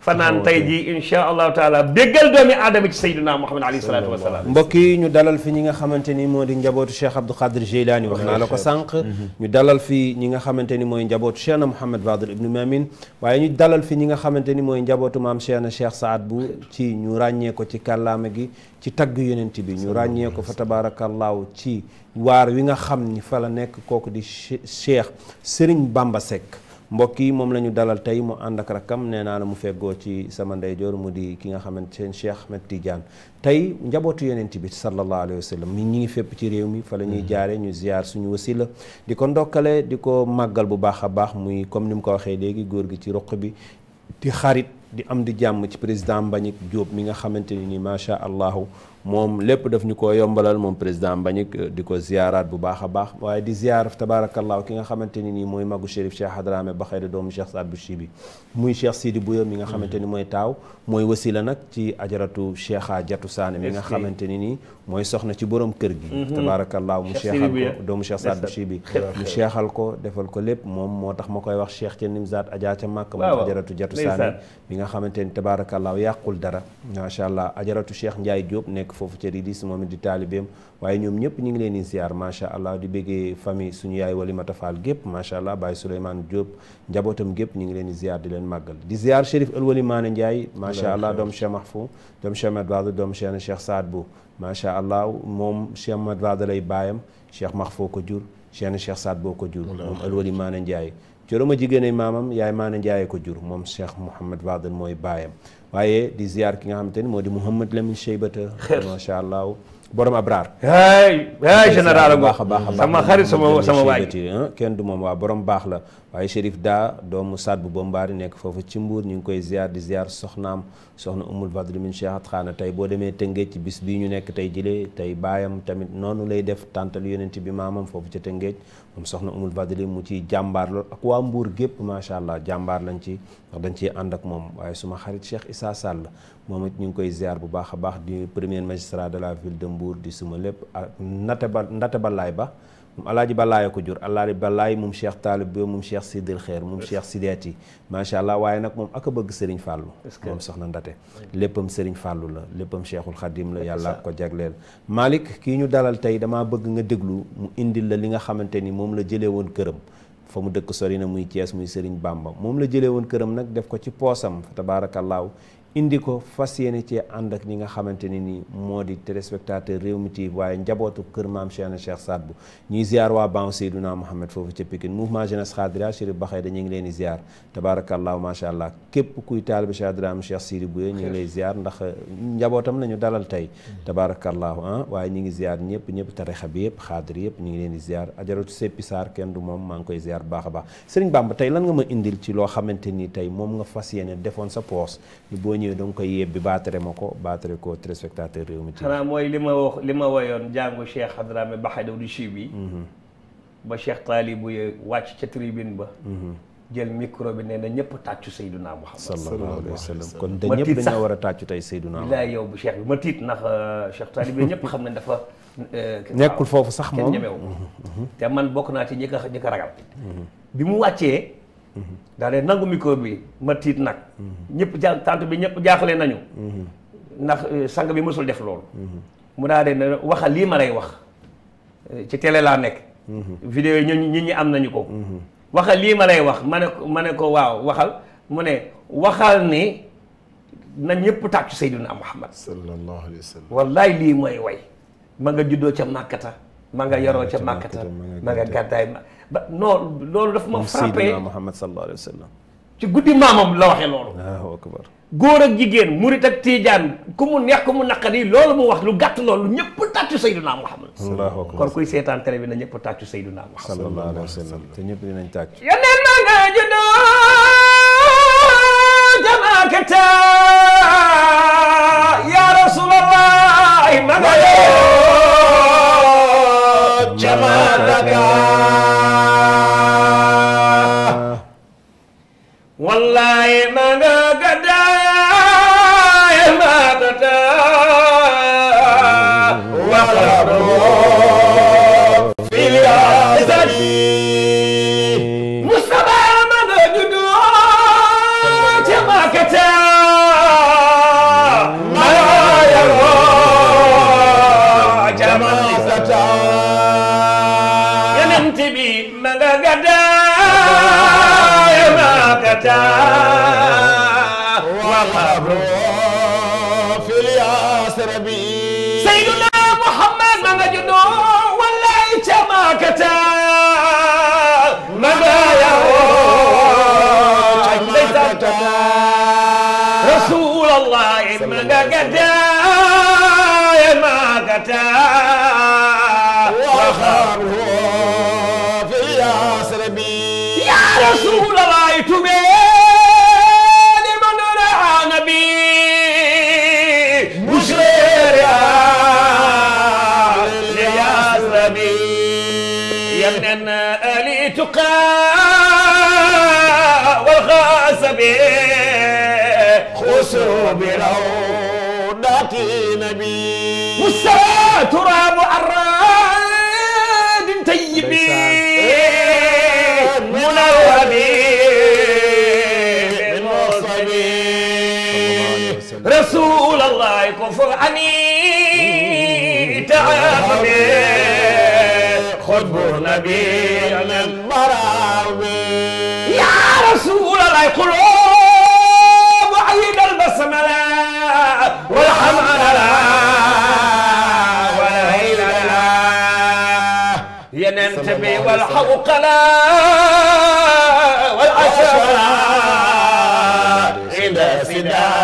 fanaan tey jii insha allahu taala déggal doomi aadama ci sayyidina muhammad alayhi salaatu wasalaam mbokk yi ñu dalal fi ñi nga xamante ni moo di njabootu cheikh abdou qadir jeylaani wax naa la ko sànq mhm. ñu dalal fi ñi nga xamante ni mooy njabootu cheikh na mouhamad fadil ibnu mamin waaye ñu dalal fi ñi nga xamante ni mooy njabootu maam cheikh na cheikh saad bu ci ñu ràññee ko ci kàllaama gi ci tagg yonent bi ñu ràññee ko fa tabaarakallaahu ci waar wi nga xam ni fa la nekk kooku di cheikh sëriñ bamba sekk mbokk yi moom la ñu dalal tey mu ànd ak rakkam nee naa la mu feggoo ci sama ndeyjoor mu di ki nga xamante seen Cheikh Ahmed Tidiane tey njabootu yonent bi sallallahu alayhi wa sallam ñi ngi fépp ci réew mi fa la ñuy mm-hmm. jaare ñu ziar suñu wasila di ko ndokkale di ko màggal bu baax a baax muy comme ni mu ko waxee léegi góor gi ci ruq bi di xarit di am di jàmm ci président Mbagnick jóob mi nga xamante ni ni macha allahu moom lépp daf ñu ko yombalal moom président Mbagnick euh, di ko ziyaaraat bu baax a baax waaye di ziyaar tabaarakallaahu ki nga xamante ni nii mooy magu Chérif Cheikh Hadraame ba xëy doomu Cheikh Saad Bouchi bi muy Cheikh bu Bouya mi nga xamante ni mooy taaw mooy wasila nag ci ajaratu Cheikha Jatu Saane mi nga xamante ni nii mooy soxna ci borom kër gi mhm. tabaarakallaahu mu seexal ko doomu Cheikh Saad bi mu seexal ko defal ko lépp moom moo tax ma koy wax cheikh ca nimzaat ajaa ca màkk ma ajaratu jatu saani bi nga xamante ni tabaarakallaahu yàqul dara macha allah ajaratu cheikh Ndiaye Diop nekk foofu ca Ridis moom it di taalibeem waaye ñoom ñëpp ñu ngi leen di ziar macha allah di béggee famille suñu yaay Walimata Fall gépp macha allah Baye Souleymane Diop njabootam gépp ñu ngi leen di ziar di leen màggal di ziar Chérif macha allah doom Cheikh Mahfou doom Cheikh Medbadou doom Cheikh Cheikh Saad macha allah moom Cheikh mad Raada lay baayam Cheikh Max foo ko jur Cheikh na Cheikh boo ko jur. moom alwali maana ma Coroma jigéene maamam yaay maana Ndiaye ko jur moom Cheikh Mouhamad Raada mooy baayam waaye di ziar ki nga xamante ni moo di Mouhamad Lamine Cheybata. macha allah. borom Abraar. ay général bu baax a baax sama xarit sama sama waay kenn du moom waa borom baax la waaye Chérif daa doomu Saad bu Bombaari nekk foofu ci mbuur ñu ngi koy ziar di ziar soxnaam soxna Umul Fadl min Cheikh Xaana tey boo demee Tëngéej ci bis bii ñu nekk tey jëlee tey baayam tamit noonu lay def yeneen ci bi maamam foofu ca Tëngéej moom soxna Umul Fadl mu ciy jàmbaar lool ak waa Mbour gépp macha allah jàmbaar lañ ci ndax dañ ciy ànd ak moom waaye suma xarit Cheikh Issa Sall moom it ñu ngi koy ziar bu baax a baax di premier magistrat de la ville de Mbour di suma lépp ak ah, Ndate Ba Ndate Balaay ba moom alaaji Balaay ko jur alaaji Balaay moom Cheikh Taalib bi moom Cheikh Sidil Xeer moom Cheikh Sidiati macha allah waaye nag moom ak bëgg Serigne Fallou moom soxna Ndate léppam Serigne Fallou la léppam Cheikhul Khadim la yàlla ko jagleel Malick kii ñu dalal tey damaa bëgg nga déglu mu indi la li nga xamante ni moom la jëlee woon këram fa mu dëkk sori na muy Thiès muy Serigne Bamba moom la jëlee woon këram nag def ko ci poosam fa tabaarakallaahu indi ko fas yéene cee ànd ak ñi nga xamante ne nii moo di téléspectateur Rewmi TV waaye njabootu kër maam Cheikh na Cheikh Saad bu ñuy ziar waa ban Seydouna Mohamed foofu ca Pikine mouvement jeunesse xaadira Chérif Baxay dañu ngi leen di ziar tabaarakallaahu macha allah képp kuy taalibe Cheikh Adrame Cheikh Sidi Bouye ñu ngi lay ziar ndax njabootam lañu dalal tey tabaarakallaahu ah waaye ñu ngi ziar ñëpp ñëpp tarixa bi yëpp xaadir yëpp ñu ngi leen di ziar ajaratu seppi kenn du maa ngi koy ziar baax a baax Sëriñ Bamba tey lan nga ma indil ci loo xamante ni tey moom nga fas yéene defoon sa poos ñëwee danga koy yebbi baatare ma ko baatare ko téléspectateur réew mi. xanaa mooy li ma wax li ma woyoon jàngu Cheikh ba Baxadaw di chi bi mhm. ba Cheikh Taalibu ye wàcc ca tribune ba. Mhm. jël micro bi nee na ñëpp tàccu Seydouna Muhammad sallallahu alayhi wa sallam kon da ñëpp dañoo war a tàccu tey Seydouna bilaay yow bu Cheikh bi ma tiit ndax euh, Cheikh Taalibu ñëpp xam ne dafa. Euh, nekkul foofu sax moom mhm. te man bokk naa ci ñi ragal. bi mu wàccee. daa leen nangu micro bi ma tiit nag ñëpp ja tante bi ñëpp jaaxle nañu ndax euh, sang bi mësul def loolu mu daa dee waxal lii ma lay wax euh, ci télé laa nekk vidéo yi ñun ñi ñi am nañu ko waxal lii ma lay wax ma ne ma ne ko waaw waxal mu ne waxal ni na ñëpp tàccu Seydina Muhammad sallallahu alayhi wa sallam wallaay lii mooy way ma nga juddoo ca màkkata ma nga yaroo ca màkkata ma nga gàddaay ba non loolu daf ma frappé Seydina Muhammad sallallahu alayhi wa sallam ci guddi maamam la waxee loolu waaw akbar góor ak jigéen murit ak tiijaan ku mu neex ku mu naqari loolu mu wax lu gàtt loolu ñëpp tàccu Seydina Muhammad kon kuy seetaan télé bi na ñëpp tàccu Seydina Muhammad sallallahu alayhi wa sallam te ñëpp dinañ tàccu yeneen maa nga juddoo jamaakata ya rasulallah ma nga suufu la laay tubee يعني تعبني خطب نبينا البراوي يا رسول الله قلوب عيد البسملة والحمد لله والهيل لله ينتبه والحوقلة والعشرة إلى سداه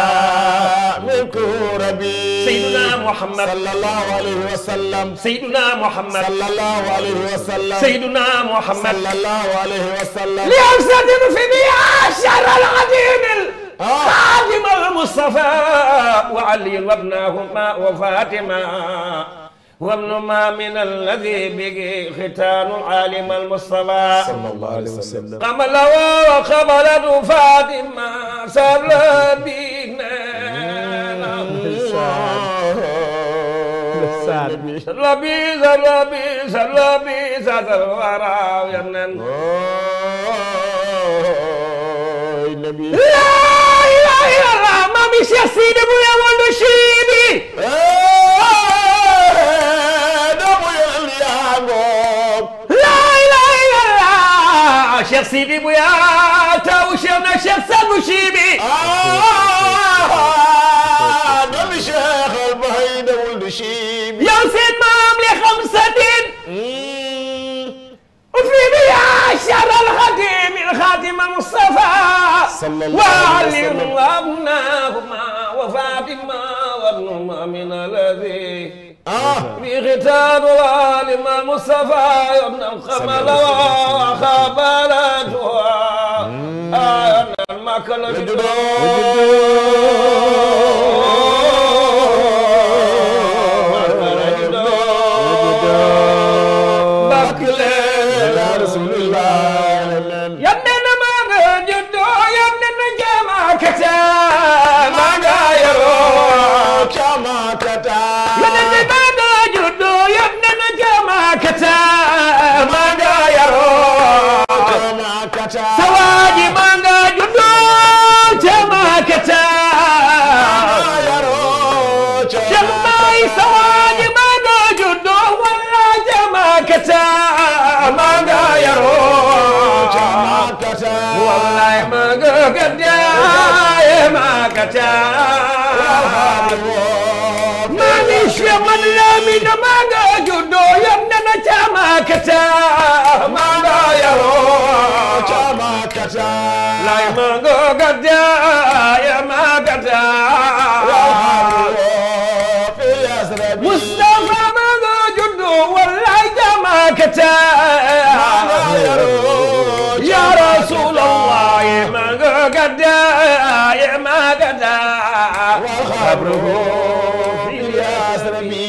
محمد صلى الله عليه وسلم سيدنا محمد صلى الله عليه وسلم سيدنا محمد صلى الله عليه وسلم لأفسد في شر العديم خادم المصطفى وعلي وابنهما وفاطمة وابن ما من الذي به ختان العالم المصطفى صلى الله عليه وسلم قبل وقبل فاطمة سر بنا labisa labisa labisa sal waraaw yanen nabi laa ilaaha illallah mami Cheikh Sidi bu yewoon du chiibi damu yol yaangoog laa ilaaha illallah Cheikh Sidi bu yaa taw Cheikh na Cheikh Sadbu وعلي وابناهما وفاطمة وابنهما من الذي بختان والم المصطفى ابن الخمل وخبالتها أن المكن بدون Jackson caamaakataa maami Cheikh man laa mi damaa nga juddoo yam nana caamaakataa maa nga yaroo caamaakataa laay maa nga gaddaa ya maa gaddaa Mustafa maa nga juddoo wallaay caamaakataa xabruhu fi asrami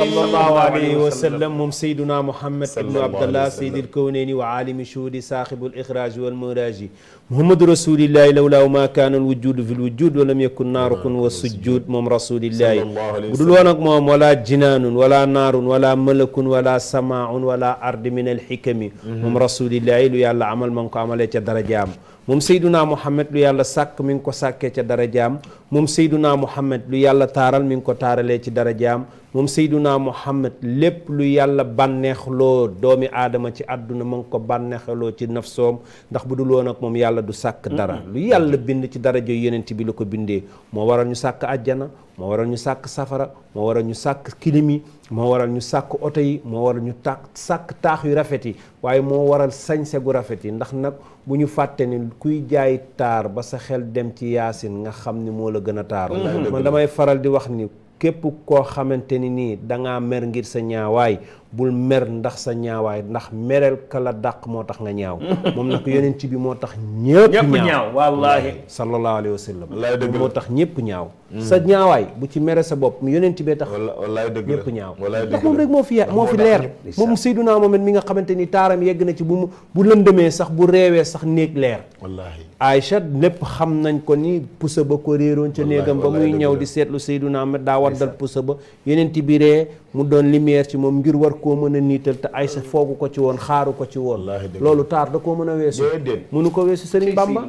sallallahu alayhi wa sallam moom sayduna mouhammad ibnu abdallah saydil kawnayni wa aalimi shuhudi saaxibu lixraaji walmiraji mouhamadou rasulillahi lawlaa ma kaana alwujudu fi lwujud walam yakun naarukun wa sujud moom rasulillahi bu dul woon ak moom wala jinaanun wala naarun wala malakun wala samaaun wala ard min alxikami moom rasulillahi lu yàlla amal ma ngi ko amalee ca darajaam moom Seydunaa Muhammad lu yàlla sàkk mi ngi ko sàkkee ca darajaam moom Seydunaa Muhammad lu yàlla taaral mi ngi ko taaralee ci darajaam moom Seydunaa Muhammad lépp lu yàlla bànneexloo doomi aadama ci àdduna mu ngi ko bànneexloo ci nafsoom ndax bu dul woon ak moom yàlla du sàkk dara lu yàlla bind ci daraja yonent bi la ko bindee moo waral ñu sàkk àjjana moo waral ñu sàkk safara moo waral ñu sàkk kilimi moo waral ñu sàkk oto yi moo waral ñu taax sàkk taax yu rafet yi waaye moo waral sañse gu rafet yi ndax nag bu ñu fàttee ni kuy jaay taar ba sa xel dem ci yaasin nga xam ni moo la gën a taaru mm-hmm. man damay faral di wax ni képp koo xamante ni nii dangaa mer ngir sa ñaawaay bul mer ndax sa ñaawaay ndax mereel ka la dàq moo tax nga ñaaw moom na nag yonent bi moo tax ñëpp ñaaw wallaahi sallallahu alayhi wa sallam moo tax ñëpp ñaaw mm. sa ñaawaay bu ci mere sa bopp yonent bee tax ñëpp ñaaw ndax moom rek moo fi moo fi leer moom Seydunaa Muhammad mi nga xamante ni taaram yegg na ci bu mu bu lëndëmee sax bu reewee sax néeg leer wallaahi Aïcha lépp xam nañ ko ni pusa ba ko réeroon ca néegam ba muy ñëw di seetlu Seydunaa Muhammad daa waddal pusa ba yonent bi ree mu doon lumière ci moom ngir war koo mën a niital te Aysa foogu ko ci woon xaaru ko ci woon loolu taar da koo mën a weesu mënu ko weesu Sëriñ Bamba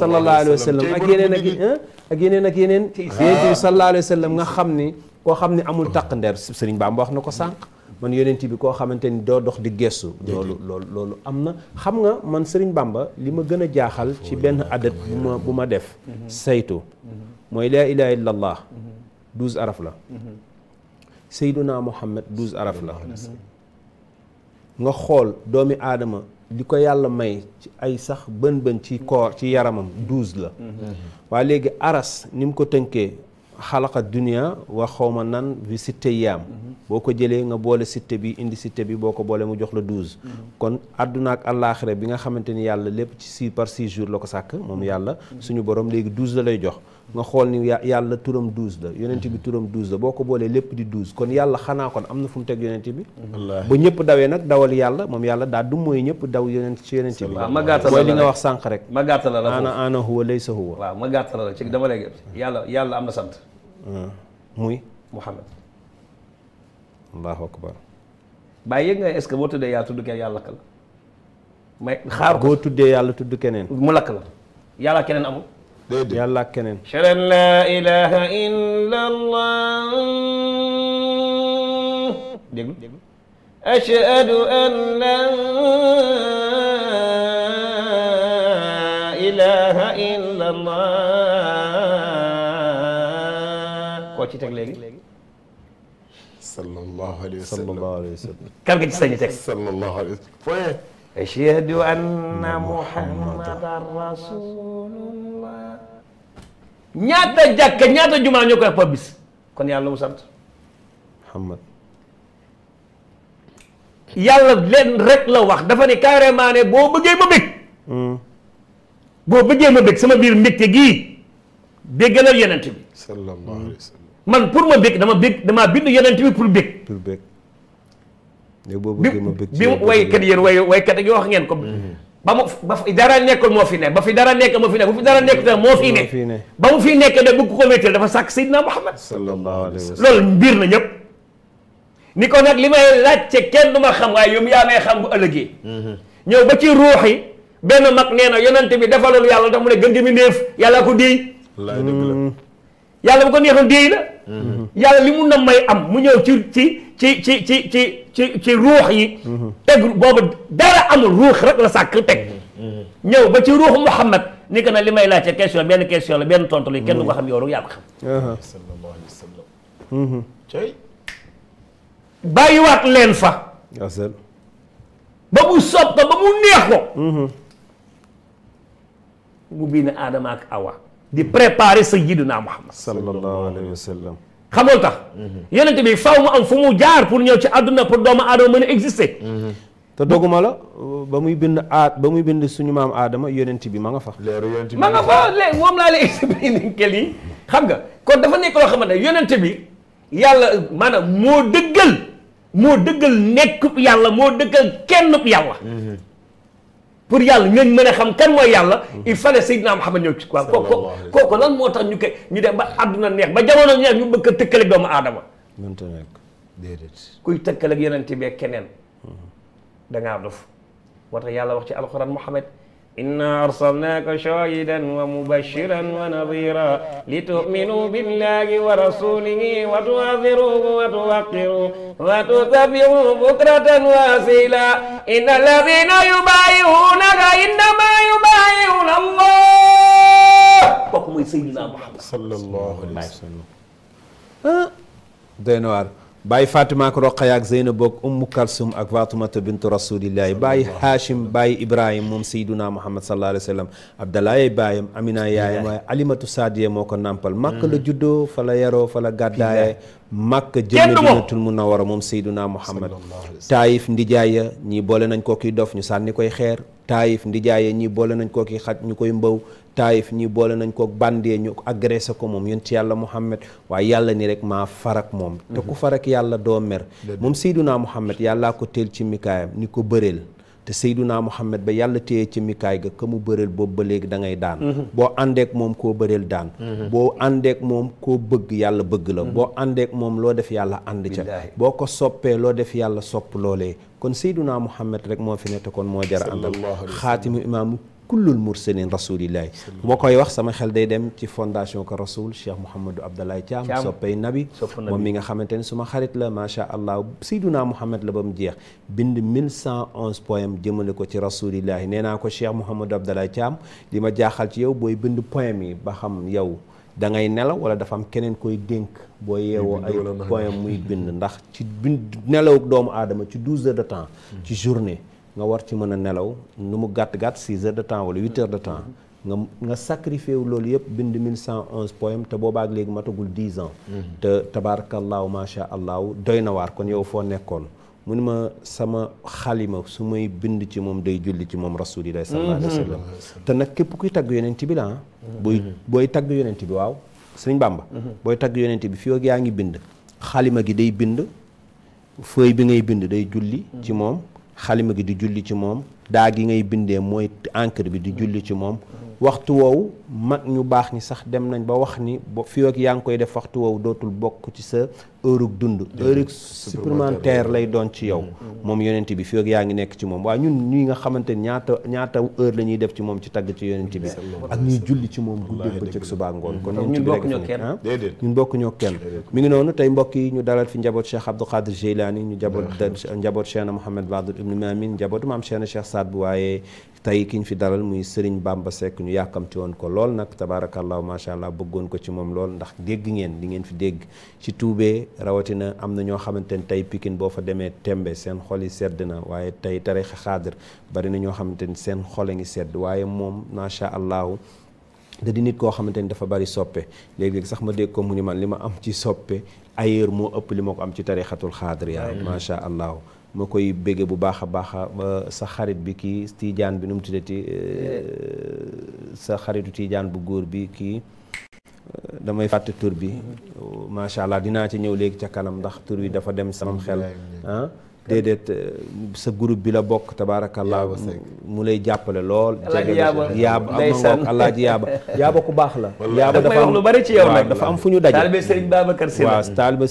sallallahu alayhi wa sallam ak yeneen ak ah? ak yeneen ak yeneen yonent bi sallallahu alayhi wa sallam nga xam ni koo xam ne amul taq ndeer Sëriñ Bamba wax na ko sànq man yonent bi koo xamante ni doo dox di gestu loolu loolu loolu am na xam nga man Sëriñ Bamba li ma gën a jaaxal ci benn adat bu ma bu ma def mhm. saytu mhm. mooy laa ilaha illa allah mhm. douze araf la Seyduna Muhammad douze araf la nga xool doomi aadama di ko yàlla may ci ay sax bën bën ci koor ci yaramam douze la waaye léegi aras ni mu ko tënkee xalaqa dunia wax xawma nan bi sitte yaam boo ko jëlee nga boole sitte bi indi sitte bi boo ko boolee mu jox la douze kon àdduna ak àllaaxira bi nga xamante ni yàlla lépp ci six par six jours la ko sàkk moom yàlla suñu borom léegi douze la lay jox nga xool ni yàlla turam douze la yonent bi mhm. turam douze la boo ko boolee lépp di douze kon yàlla xanaa kon am na fu mu teg yonent bi ba ñëpp dawee nag dawal yàlla moom yàlla daa du mooy ñëpp daw yonent ci yonent bi mooy li nga wax sànq rek ma gàttal la ana ana huwa laysa huwa waaw ma gàttal la ci dama léegi yàlla yàlla am na sant hmm. muy Muhammad allahu akbar bàyyi yëg nga est-ce que boo tuddee yàlla tudd keneen yàlla lakk la may xaar boo tuddee yàlla tudd keneen mu lakk la yàlla keneen amul déedéet yàlla ak keneen. ashhadu an laa ilaaha illallah. dégg nga ashhadu an laa ilaaha illallah. koo ci teg léegi. sallallahu alayhi wa sallam sallallahu alayhi wa sallam. kan nga ci sañ teg. sallallahu alayhi wa sallam. ashhadu anna muhammadan rasulullah. ñaata jàkka ñaata jumaa ñoo koy wax par bis kon yàlla mu sant. Muhammad yàlla leen rek la wax dafa ne carrément ne boo bëggee ma bëgg. Hmm. boo bëggee ma bëgg sama biir mbégte gi béggalal yonent yeneen sallallahu alayhi wa sallam. man pour ma bëgg dama bëgg damaa bind yonent bi pour bëgg. pour bëgg. ma bëgg bi bi waykat way waykat yi wax ngeen ko. Hmm. ba mu ba dara fi ne nekk moo fi ne bu fi dara nekk tam moo fi ne ba mu fi nekk ko wéetal dafa sàkk Seydina Muhammad sallallahu alayhi wa na ñëpp ni ko nag li may laajte kenn du ma xam waaye yow yaa may xam bu ëllëgee mm-hmm. ñëw ba ci ruux yi benn mag nee na yonante bi defaloon yàlla tax mu ne gën gi mu néef yàlla ko déy mm. yàlla ko neexoon déy la mm-hmm. yàlla li mu na may am mu ñëw ci ci ci ci ci ci ci ci ruux yi teg boobu dara amul ruux rek la sàkk teg ñëw ci ruux Muhammad ni que nag li may laajte question benn question la benn tontu la kenn du ko xam yow rek yaa ko xam sallallahu alayhi wa bàyyiwaat leen fa ba mu soob ko ba mu neex ko mu bind Aadama ak Awa di préparer Sayyidina Muhammad sallallahu alayhi wa sallam xamool tax mhm. yonent bi faaw mu am fu mu jaar pour ñëw ci àdduna pour doomu aadama mën a mhm. te doguma la ba muy bind aad ba muy bind suñu maam aadama yonent bi ma nga fa ma nga fa léegi moom laa la expliqué yi xam nga kon dafa nekk loo xamante ne yonent bi yàlla maanaam moo dëggal moo dëggal nekkub yàlla moo dëggal kennub yàlla mhm. pour yàlla ñooñ mën a xam kan mooy yàlla mm-hmm. il fallait Seydina Muhammad ñëw ci quoi kooku kooku lan moo tax ñu koy ñu dem ba àdduna neex ba jamono neex ñu bëgg a tëkkaleeg doomu aadama mënta nekk déedéet kuy tëkkaleeg yonent bi keneen mm-hmm. da ngaa dof moo tax yàlla wax ci alxuraan Muhammad إنا أرسلناك شاهدا ومبشرا ونظيرا لتؤمنوا بالله ورسوله وتعذروه وتوقروه وتتبعوا بكرة واسيلا إن الذين يبايعونك إنما يبايعون الله kooku mooy Seydina Muhammad sallallahu alayhi wa sallam ah doy na waar bàyyi Fatima ak Roqaya ak Zeyna boog Ummu Kalsum ak Fatumata bintu rasulillahi bàyyi Hachim bàyyi Ibrahim moom Seyduna Muhammad sallallahu alayhi wa sallam Abdallah ay baayam Amina yaayam waaye Alimatu Saadiya moo ko nàmpal màkk la mm. juddoo fa la yaroo fa la gàddaaye màkk jëm Madinatul Munawwara moom Seyduna Muhammad Taayif ndijaaya nii boole nañ koo kiy dof ñu ni koy xeer Taayif ndijaaya nii boole nañ koo kiy xaj ñu koy mbaw taayif ñi boole nañ ko bandee ñu agressé ko moom yonent yàlla Muhammad waaye yàlla ni rek maa farak moom te ku mhm. farak yàlla doo mer moom Seydunaa Muhammad yàllaa ko teel ci mikaayam ni ko bëreel te Seydunaa Muhammad ba yàlla téye ci mikaay ga ka mu bëreel boobu ba léegi da ngay daan mhm. boo àndeek moom koo bareel daan mhm. boo àndeek moom ko bëgg yàlla bëgg la boo àndeek moom loo def yàlla ànd ca boo ko soppee loo def yàlla sopp loolee kon Seydunaa Muhammad rek moo fi ne te kon moo jar àndal xaatimu imaamu kullul mursalin rasulillahi bu ma koy wax sama xel day dem ci fondation ko rasul Cheikh Mouhamadou Abdallah Thiam soppay nabi moom mi nga xamante ne suma xarit la macha allah sayduna Mouhamad la ba mu jeex bind 1111 poème jëmale ko ci rasulillahi nee naa ko Cheikh Mouhamadou Abdallah Thiam li ma jaaxal ci yow booy bind point yi ba xam yow da ngay nelaw wala dafa am keneen koy dénk boo yeewoo ay poème muy bind ndax ci bind nelaw doomu aadama ci 12 heures de temps hmm. ci journée nga war ci mën a nelaw nu mu gàtt gàtt 6 heures de temps wala de temps nga nga sacrifié wu loolu yëpp bind 1111 poème te boobaak léegi matagul 10 ans. Mhm. te tabarakallaahu macha allahu doy na waar kon yow foo nekkoon. mu ne ma sama xalima su may bind ci moom day julli ci moom rasulillahi sallallahu mhm. Mhm. te nag képp kuy tagg yonent bi la booy booy tagg yonent bi waaw sëñ Bamba booy tagg yonent bi fii ak yaa ngi bind xalima gi day bind feuille bi ngay bind day julli ci moom xalima gi di julli ci moom daa gi ngay bindee mooy encre bi di julli ci moom waxtu woowu mag ñu baax ñi sax dem nañ ba wax ni ba fii yaa ngi koy def waxtu woow dootul bokk ci sa heure dund heure supplémentaire lay doon ci yow mm-hmm. Mm-hmm. moom yonent bi fii ak yaa ngi nekk ci moom waaye ñun ñuy nga xamante ni ñaata ñaata heure lañuy def ci moom ci tagg ci yonent bi ak ñuy julli ci moom guddeeg bëccëg suba ngoon kon mm-hmm. ñun bokk ñoo kenn ah? ñun ñoo kenn mi ngi noonu tey mbokk yi ñu dalal fi njaboot Cheikh Abdou Qadir Jilani ñu njaboot njaboot Cheikh Mouhamed Badou Ibn njabootu maam Cheikh Cheikh Saad bu waaye tey ki ñu fi dalal muy Serigne Bamba Seck ñu yàkkamti woon ko lool nag tabaarakallaahu macha allah bëggoon ko ci moom lool ndax dégg ngeen li ngeen fi dégg ci tuubee rawatina am na ñoo xamante ne tey Pikine boo fa demee tembe seen xol yi sedd na waaye tey tarixa xaadir bari na ñoo xamante ni seen xol a ngi sedd waaye moom macha allahu da di nit koo xamante ni dafa bari soppe léegi-léegi sax ma dégg ko mu ni man li ma am ci soppe ayeer moo ëpp li ma ko am ci tarixatul xaadir yaa macha ma koy bége bu baax a baax sa xarit bi kii tiijaan bi nu mu tuddati eh. Eh, sa xaritu tiijaan bu góor bi kii eh, damay fàtte tur bi macha allah dinaa ci ñëw léegi ca kanam ndax tur bi dafa dem samam xel ah déedéet sa groupe bi la bokk tabaarakallah mu lay jàppale lool jege yaaba am na alaaji yaaba yaaba ku baax la yaaba dafa am fu ñu daje taalibe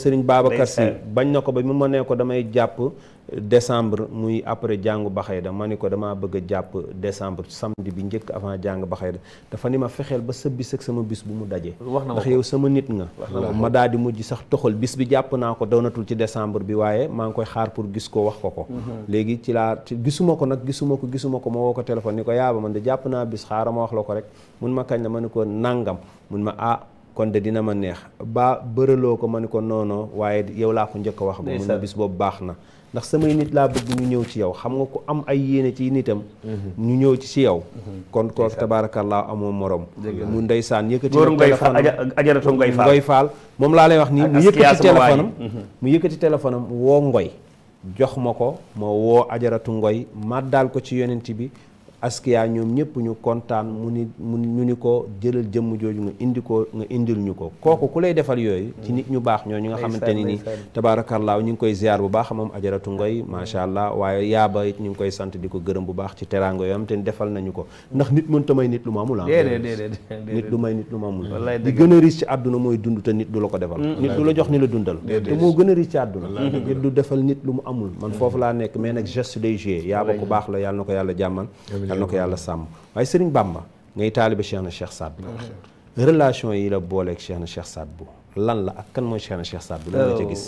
sëriñ Babacar si si bañ na ko ba mu ma nee ko damay jàpp décembre muy après jàngu baxayda ma ni ko damaa bëgg a jàpp décembre samedi bi njëkk avant jàng baxayda dafa ni ma fexeel ba sa bis ak sama bis bu mu dajee ndax yow sama nit nga ma daal di mujj sax toxal bis bi jàpp naa ko doonatul ci décembre bi waaye maa ngi koy xaar pour gis ko wax ko ko mhm. léegi ci laa gisuma ko nag gisuma ko gisuma ko ma woo ko téléphone ni ko yaaba man de jàpp naa bis xaaral ma wax la ko rek mun ma kañ la ma ni ko nàngam mun ma ah kon dina ma neex ba bëraloo ko ma ni ko noonoo waaye yow laa ko njëkk a wax ba bis boobu baax na ndax samay nit laa bëgg ñu ñëw ci yow xam nga ku am ay yéene ciy nitam mhm. ñu ñëw ci si yow mhm. kon ko tabaarakallaa amoo morom mu ndeysaan yëkkati ajaratu ngoy faal ngoy faal moom laa lay wax nii mu yëkkati téléphone am mhm. mu yëkkati téléphone am woo ngoy jox ma ko ma woo ajaratu ngoy màddaal ko ci yonent bi askiya ñoom ñëpp ñu kontaan mu ni mu ñu ni ko jëlal jëmm jooju nga indi ko nga indil ñu ko kooku ku lay defal yooyu ci nit ñu baax ñoo ñu nga xamante ni ni tabaarakallaa ñu ngi koy ziar bu baax moom ajaratu ngoy macha allah waaye yaaba it ñu ngi koy sant di ko gërëm bu baax ci teraanga yoo am te defal nañu ko ndax nit mën ta may nit lu mu amul ah. nit du may lu mu gën a riche ci àdduna mooy dund te nit du la ko defal mm, nit du la jox ni la dundal te moo gën a riche ci àdduna nit lu mu amul man foofu laa nekk mais nag geste day jouer baax la yàlla na ko yàlla jàmmal yal na ko yàlla sàmm waaye Serigne Bamba ngay taalibe Cheikh na Cheikh Saad Bou relation yi la booleeg Cheikh na Cheikh Saad Bou lan la ak kan mooy Cheikh na Cheikh Saad Bou la ca oh. gis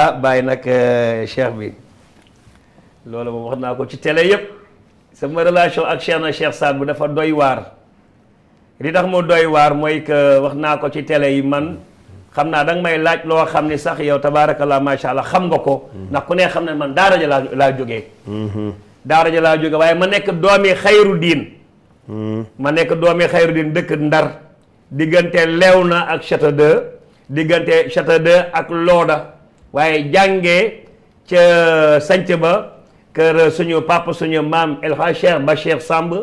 ah bàyyi nag eh, bi loolu moom wax naa ko ci télé yëpp sama relation ak Cheikh na Cheikh dafa doy waar li tax mu doy waar mooy que wax naa ko ci télé yi man xam naa danga may laaj loo xam ni sax yow tabaarakallah macha allah xam nga ko. Mm-hmm. ndax ku ne xam ne man daara laa laa daara ja jóge waaye ma nekk doomi xayru diin hmm. ma nekk doomi xayru diin dëkk ndar diggante leew na ak Château d'Eau diggante Château d'Eau ak Looda waaye jàngee ca sanc ba kër suñu papa suñu maam El Hadj Cheikh Bachir Samb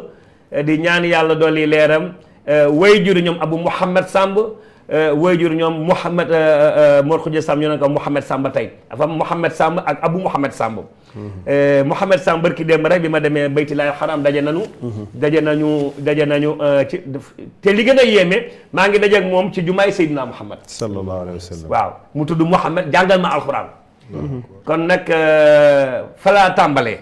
di ñaan yàlla dolli leeram eh, way juri ñoom Abu Mouhamed sàmb eh, way jur ñoom Mouhamed eh, Mor Khoudia Samb ñu ne ko Mouhamed Samb tey dafa Mouhamed Samb ak Abu Mouhamed Samb Eh, Mouhamed Sam barki démb rek bi ma demee bayti laay xaram daje nañu. daje nañu daje nañu eh, ci te li gën a yéeme maa ngi dajeeg moom ci jumaay Seydina Mouhamed. sallallahu alayhi wa waaw mu tudd Mouhamed jàngal ma alxuraan. kon nag eh, fa laa tàmbalee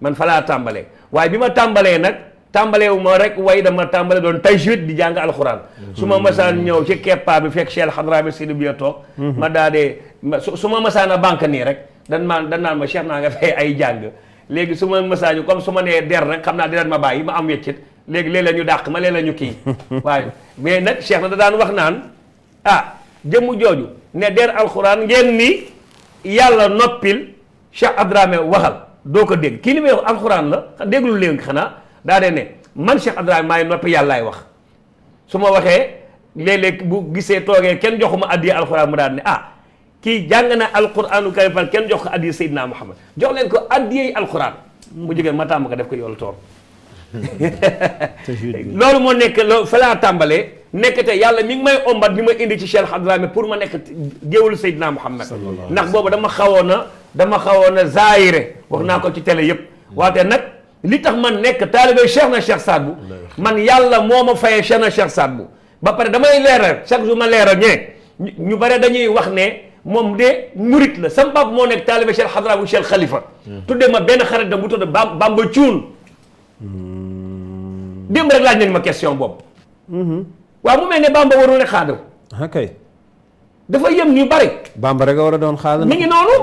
man fa tàmbale waaye bi ma tàmbalee nag tàmbaleewu ma rek way dama tàmbale doon tajwid di jàng alxuraan. su ma masaan ñëw ci keppa bi fekk Cheikh Xadra bi Sidi bi toog. Mhm. ma daa dee su ma masaan a banque nii rek. dan maa dan naan ma Cheikh naa nga fay ay jàng léegi su ma message comme su ma nee der nag xam naa dinañ ma bàyyi ma am weccit léegi léeg la ñu dàq ma léeg la ñu kii waaye mais nag Cheikh na da daan wax naan ah jëmm jooju ne der alxuraan ngeen ni yàlla noppil Cheikh Adrame waxal doo ko dégg kii li may la dégglu leen xanaa daa dee ne man Cheikh Adrame maay noppi yàllaay wax su ma waxee léeg-léeg bu gisee toogee kenn joxuma addiya alxuraan mu daan ne ah kii jàng na alquranu karim par kenn jox ko addiya Seydina Muhammad jox leen ko addiyey alquran mu jógee ma tàmm ko def ko yoolu tool loolu moo nekk loolu fa laa tàmbalee nekk te yàlla mi ngi may ombat bi ma indi ci Cheikh Hadrami pour ma nekk géwul Seydina Muhammad ndax boobu dama xawoon a dama xawoon a zaayire wax naa ko ci télé yëpp mm. waate nag li tax man nekk taalibe Cheikh na Cheikh Saad Bou mm. man yàlla moo ma fayee Cheikh na Cheikh Saad Bou ba pare damay leeral chaque jour ma leeral ñee ñu bare dañuy wax ne moom de murit la sama baab moo nekk taalibe Cheikh Xadra bu Cheikh hmm. ma benn xarit da bu tudd Bamba Cuun. Hmm. démb rek laaj nañ ma question boobu. Hmm. waaw mu mel ne Bamba waroon a xaadal. Ah, dafa yem ñu bari. Bamba rek a war a doon xaadal. mi ngi noonu.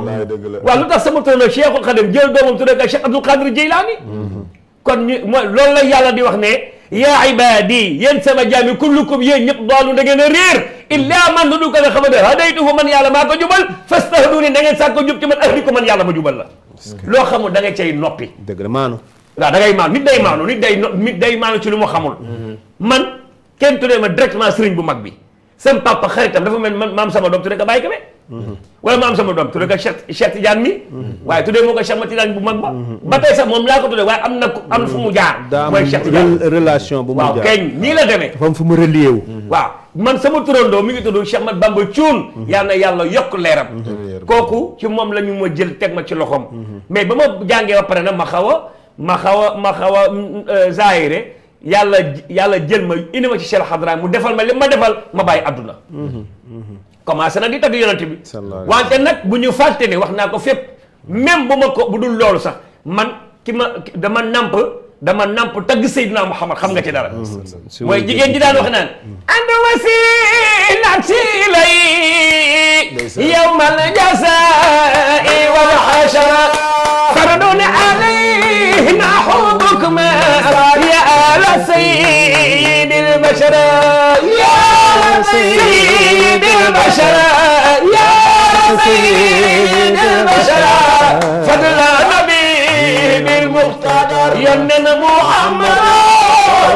waaw lu tax sama tool Cheikhul Xadim jël doomam tuddee ko Cheikh Abdul Qadir Jeylaani. kon ñu mooy la yàlla di wax ne. yaa ibaadi yéen sama jaami kullukum yéen ñëpp daalu da ngeen a réer illaa man lu dul ko nga xamante hadaytuhu man yàlla maa ko jubal fastahduni da ngeen sàkko jub ci man ahdikum man yàlla ma jubal la loo xamul da nga cay noppi dëgg la maanu waaw da ngay maanu nit day maanu nit day nit day maanu ci lu mu xamul man kenn tuddee ma directement sëriñ bu mag bi sam papa xaritam dafa mel man maam sama doom tudde ko bàyyi ka be Mm-hmm. wala ma am sama doom tuddee ko Cheikh Cheikh Tidiane mi. Mm-hmm. waaye tuddee moo ko Cheikh ma Tidiane bu mag ba. Mm-hmm. ba moom laa ko tuddee waaye am na am fu mu jaar. mooy Cheikh Tidiane relation bu mu jaar waaw keñ nii la demee. dafa am fu mu relié wu. waaw man sama turandoo mi ngi tudd Cheikh Mat Bamba Thioune. yal na yàlla yokk leeram. kooku ci moom la ñu ma jël teg ma ci loxoom. mais ba ma jàngee ba pare nag ma xaw a ma xaw a ma xaw a mm, mm, euh, zaayire yàlla yàlla jël ma indi ma ci Cheikh Hadra mu defal ma li ma defal ma bàyyi àdduna. commencé na di tagg yonent bi wante nag bu ñu fàtte ne wax naa ko fépp même bu ma ko bu dul loolu sax man ki ma dama namp dama namp tagg Seydina Muhammad xam nga ci dara mm-hmm. mooy jigéen ji daan wax naan mm-hmm. and wasilati lay yawmal jasaa'i wal hashara fardun alayhi naxubukma ya ala sayyidil bashara سيد البشر يا سيد البشر فضل نبي بالمقتدر يمن محمد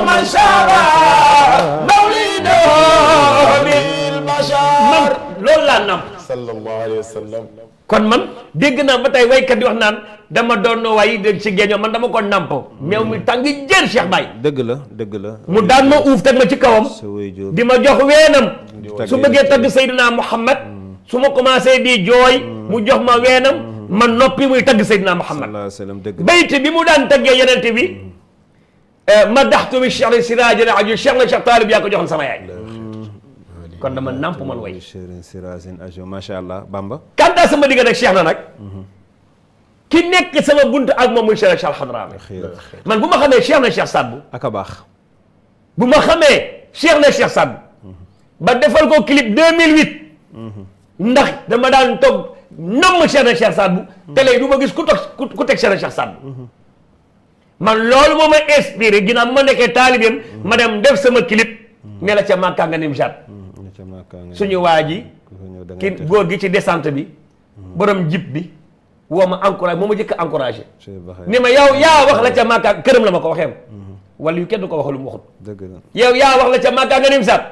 من شرع مولده بالبشر من لولا نم صلى الله عليه وسلم kon man dégg naa ba tey waykat yi wax naan dama doon way dégg si géeñoo man dama ko nàmp meew mi mm. tàng jër Cheikh Baye dëgg la dëgg la mu daan ma uuf teg ma ci kawam di ma jox weenam su bëggee tagg mu Muhammad mm. su ma commencé di jooy mm. mu jox ma weenam man noppi muy tagg Seydina Muhammad bayti bi mu daan taggee yenente bi eh, ma daxtu bi Cheikh Siraaj la aju Cheikh la Cheikh Taalib yaa ko jox sama yaay kon dama nàmp man way macha allah Bamba. kanta sama digg nag Cheikh na nag. ki nekk sama buntu ak moom muy Cheikh Cheikh Alxadraame man bu ma xamee Cheikh na Cheikh Sadbu. ak a baax. bu ma xamee Cheikh na Cheikh Sadbu. ba defal ko clip 2008. ndax dama daan toog nomm Cheikh na Cheikh Sadbu. te léegi du ma gis ku toog ku teg Cheikh na Cheikh Sadbu. man loolu moo ma inspiré mu ma nekkee taalibeem ma dem def sama clip. ne la ca Makka nga nim jaat. suñu waa ji ki góor gi ci descente bi hmm. borom jib bi woo ma encouragé moo ma jëkk encouragé ni ma yow yaa wax la ca Makka këram la ma ko waxee hmm. wala yu kenn ko wax lu mu waxut. dëgg la yow yaa wax la ca Màkka nga nim saat.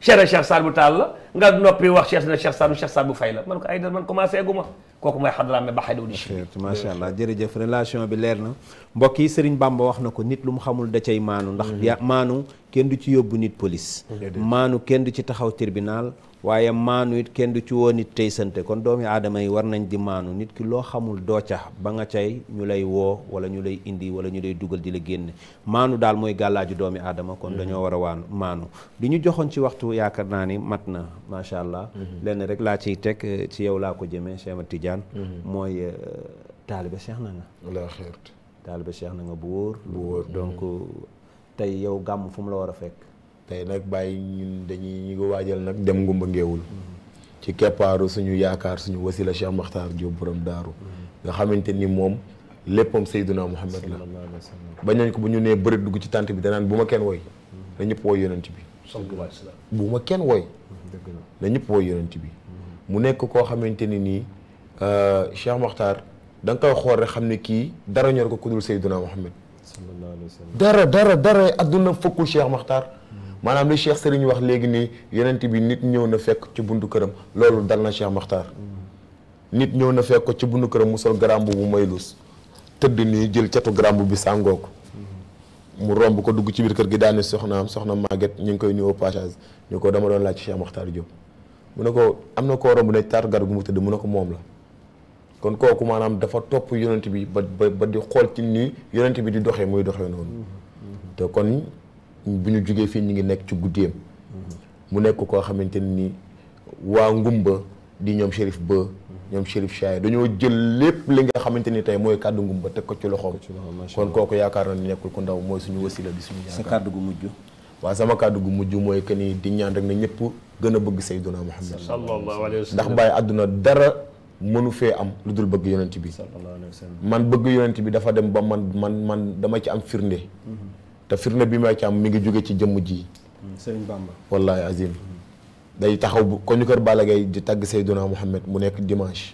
Cheikh na Cheikh bu taal la nga noppi wax Cheikh na Cheikh Saad bu Cheikh bu fay la man ko ay da man commencé gu ma kooku mooy xadraame ba xayda audition. macha allah jërëjëf relation bi leer na mbokk yi Serigne Bamba wax na ko nit lu mu xamul da cay maanu ndax. Mhm. ya maanu kenn du ci yóbbu nit police. maanu kenn du ci taxaw tribunal. waaye maanu it kenn du ci woo nit tey sante kon doomi aadama yi war nañ di maanu nit ki loo xamul doo ca ba nga cay ñu lay woo wala ñu lay indi wala ñu lay dugal di la génne maanu daal mooy gàllaaju doomi aadama kon mm-hmm. dañoo war a waan maanu li ñu joxoon ci waxtu yaakaar naa ni mat na macha allah mm-hmm. lenn rek laa ciy teg eh, ci yow laa ko jëmee Cheikh Tidiane mm-hmm. mooy eh, taalibe Cheikh na nga taalibe Cheikh na nga bu wóor bu donc tey yow gàmm fu mu la war a fekk tey nag bàyyi ñu dañuy ñu ngi waajal nag dem ngumba ngeewul ci keppaaru suñu yaakaar suñu wasila Cheikh Makhtar Diop borom daaru nga xamante ni moom léppam Seydina Muhammad la bañ nañ ko bu ñu nee bëri dugg ci tànt bi danaan bu ma kenn woy na ñëpp woy yonent bi bu ma kenn woy na ñëpp woy yonent bi mu nekk koo xamante ni nii euh, Cheikh Makhtar da nga koy xool rek xam ne kii dara ñor ko kudul Seydina Muhammad dara dara dara adduna fëkkul Cheikh Makhtar maanaam li Cheikh Serigne wax léegi nii yonent bi nit ñëw na fekk ci buntu këram loolu dal na Cheikh Makhtar nit ñëw na fekk ko ci buntu këram mu sol garambu bu may lus tëdd nii jël catu garambu bi sàngoo ko mu romb ko dugg ci biir kër gi daane soxnaam soxna Maguette ñu ngi koy nuyu au ñu ko dama doon laaj ci Cheikh Makhtar Diop mu ne ko am na koo romb ne taatu garab gu mu tëdd mu ne ko moom la kon kooku maanaam dafa topp yonent bi ba ba di xool ci nii yonent bi di doxee muy doxee noonu mm-hmm. te bu ñu jógee fii mu ngi nekk ci guddeem mu nekk koo xamante ni waa ngumba di ñoom shérif ba ñoom shérif Chaye dañoo jël lépp li nga xamante ni tey mooy kàddu ngumba teg ko ci loxoom kon kooku yaakaar na ni nekkul ku ndaw mooy suñu wasila bi suñu yaakaar sa kàddu gu mujj sama kàddu gu mujj mooy que di ñaan rek na ñëpp gën a bëgg sayduna muhammad sallallahu alayhi wa sallam ndax bàyyi àdduna dara mënu fee am lu dul bëgg yonent bi man bëgg yonent bi dafa dem ba man man man dama ci am firnde mhm. te firnde bi ma ci am mi ngi jóge ci jëmm jii mm, Sëriñ Bamba. wallaahi azim day taxaw bu ko ñu kër Balla Gaye di tagg Seydina Mohamed mu nekk dimanche.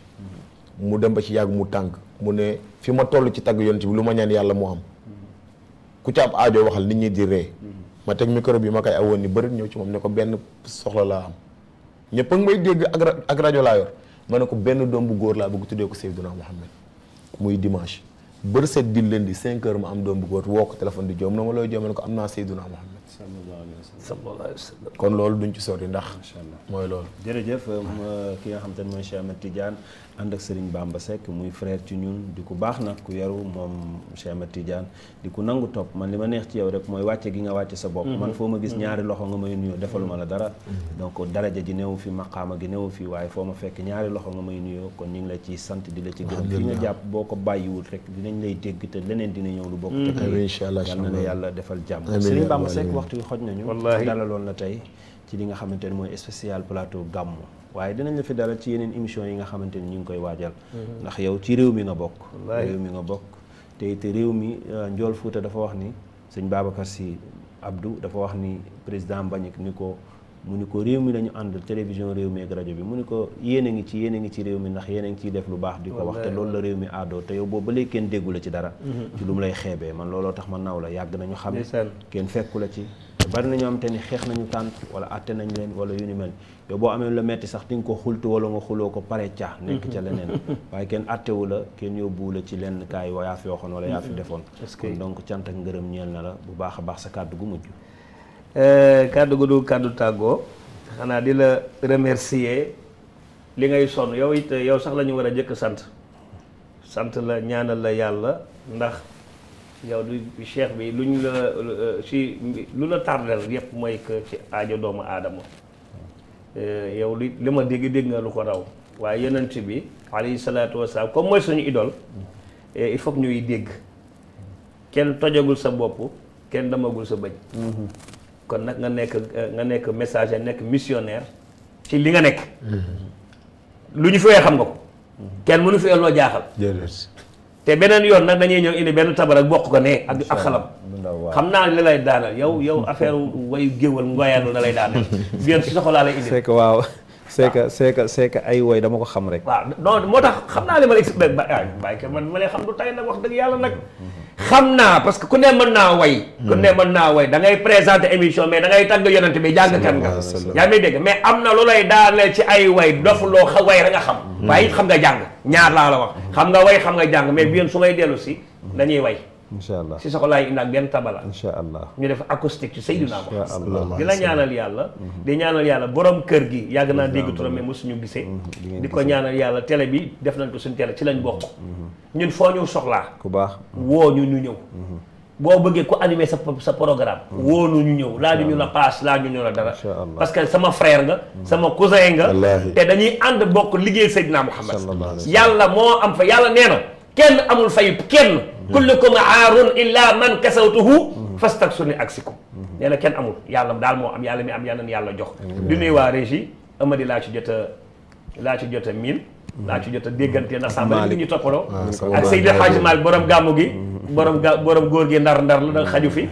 Mm. mu dem ba ci yàgg mu tàng mu ne fi ma toll ci tagg yonent bi lu ma ñaan yàlla mu am. Mm. ku ci ab aajo waxal nit ñi di ree. ma teg micro bi ma koy awoon ni bëri ñëw ci moom ne ko benn soxla laa am. ñëpp a may dégg ak rajo laa yor ma ne ko benn doom bu góor laa bugg tuddee ko Seydina Mohamed muy dimanche. bër set di leen di cinq heures ma am doom bu góor woo ko di joom na ma looy joom ko am naa Seydina Muhammad kon loolu duñ ci sori ndax mooy loolu jërëjëf euh, ki nga xam te ne mooy Cheikh Ahmed Tidiane ànd ak Serigne Bamba sekk muy frère ci ñun di ku baax nag ku yaru moom Cheikh Ahmed Tidiane di ku nangu topp man li ma neex ci yow rek mooy wàcce gi nga wàcce sa bopp. Mhm. man foo ma gis mhm. ñaari loxo nga may nuyoo defaluma la dara. Mhm. donc daraja ji newu fi maqaama gi newu fi waaye foo ma fekk ñaari loxo nga may nuyoo kon ñu ngi la ciy sant di la ci gërëm. li nga jàpp boo ko bàyyiwul rek dinañ lay dégg te leneen dina ñëw lu bokk. te tey yal na la yàlla defal jàmm. Serigne Bamba Seck waxtu wi xoj nañu. dalaloon la tey ci li nga xamante ne mooy spécial plateau gàmmu waaye dinañ la fi dalal ci yeneen émission yi nga xamante ni ñu ngi koy waajal mm-hmm. ndax yow ci réew mi nga bokk réew mi nga bokk te it réew mi euh, Njool Fuuta dafa wax ni sëñ Babacar Sy Abdou dafa wax ni président Mbagnick ni ko mu ni ko réew mi la ànd télévision réew mi ak rajo bi mu ni ko yéen a ngi ci yéen a ngi ci réew mi ndax yéen a ngi ciy def lu baax di ko wax te loolu la réew mi aadoo te yow boobu ba kenn déggula ci dara mm-hmm. ci lu mu lay xeebee man looloo tax ma naw la yàgg nañu xam kenn fekku la ci bari na ñoo am te ni xeex nañu tànt wala àtte nañ leen wala yu ni mel yow boo amee lu metti sax di nga ko xultu wala nga xuloo ko pare caax nekk ca leneen waaye kenn àttewu la kenn yóbbuwu la ci lenn kaay wa yaa fi waxoon wala yaa fi mm-hmm. defoon kon donc cant ak ngërëm ñeel na la bu baax a baax sa kàddu gu mujj euh, kàddu gu du kàddu tàggoo xanaa di la remercier li ngay sonn yow it yow sax la ñu war a jëkk sant sant la ñaanal la yàlla ndax yow du cheikh bi lu ñu la si lu la tardel yëpp mooy que ci aajo doomu aadama eh, yow li li ma dégg dégg nga lu ko raw waaye yonent bi alayhi salaatu wasalaam comme mooy suñu idole eh, il faut ñuy dégg kenn tojagul sa bopp kenn damagul sa bëñ mhm. kon nag nga nekk nga nekk messager nekk missionnaire ci li nga nekk mhm. lu ñu fi xam nga ko mhm. kenn mënu fi loo jaaxal te beneen yoon nag dañuy ñëw indi benn tabar ak bokk ko ne ak ak xalam xam naa la lay daanal yow yow affaire wayu géwal ngoyaanu la lay daanal bien si soxlaa lay indi c'est waaw c'est que c'est que c'est ay woy dama ko xam rek waaw non moo tax xam naa li ma lay expliqué ba bàyyi man ma xam du tay nag wax dëgg yàlla nag mm-hmm. xam naa parce que ku ne mën naa way ku ne mën naa way dangay ngay présenter émission mais dangay ngay tàgg yonent bi jàng kan nga yaa may dégg mais am na lu lay daaneel ci ay way dof loo xa way rek nga xam hmm. waaye xam nga jàng ñaar laa la wax xam nga way xam nga jàng mais bien su may dellu si dañuy way incha allah si soxlaa yi indi ak benn tabala. incha ñu def acoustique ci Seydina Muhammad di la ñaanal yàlla. Mm-hmm. di ñaanal yàlla borom kër gi yàgg naa dégg turam mais mosuñu gisee. Mm-hmm. di ko ñaanal yàlla télé bi def nañ ko suñu télé ci lañ bokk. Mm-hmm. ñun foo ñu soxlaa. ku baax woo ñu ñu ñëw. boo bëggee ku animé sa sa programme. woo nu ñu ñëw laaju ñu la paas laa ñu la dara. parce que sama frère nga. sama cousin nga. te dañuy ànd bokk liggéey Seydina Muhammad yàlla moo am fa yàlla nee na kenn amul fayub kenn. kullukum aarun illa man kasawtuhu fastaksuni aksikum nee na kenn amul yàlla daal moo am yàlla mi am yàlla yàlla jox di nuyu waa régie Amady laa ci jot a laa ci jot a miin laa ci jot a déggante na sàmbali li ñu toppaloo ah, ak Seydi Hadji Malick borom gàmmu gi borom ga borom góor gi ndar ndar la da fi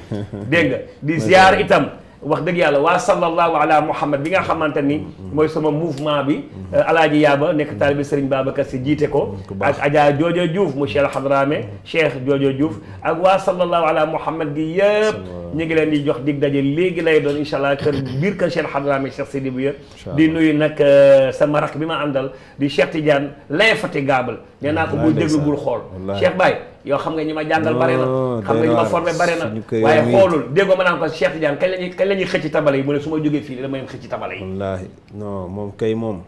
di ziar itam wax dëgg yàlla waa sallallahu ala muhammad bi nga xamante ni mooy sama mouvement bi mm-hmm. alaaji yaaba nekk taalibi sëriñ Babacar si jiite ko mm-hmm. ak Adja Jojo Diouf la Cheikh Hadrame Cheikh Jojo Diouf ak waa sallallahu ala muhammad gi yëpp ñu ngi leen di jox dig daje léegi lay doon incha allah kër biir kër Cheikh Hadrame Cheikh Sidi bu di nuyu nag euh, sama rak bi ma àndal di Cheikh Tidiane l'infatigable nee naa ko buy déglu bul xool Cheikh yow xam nga ñi ma jàngal bare na xam nga ñi ma formé bare na waaye xoolul déggoo ma naan ko Cheikh Tidiane kañ lañuy xëcc tabale yi mu ne su ma jógee fii dama yem xëcc tabale yi wallaahi non moom kay moom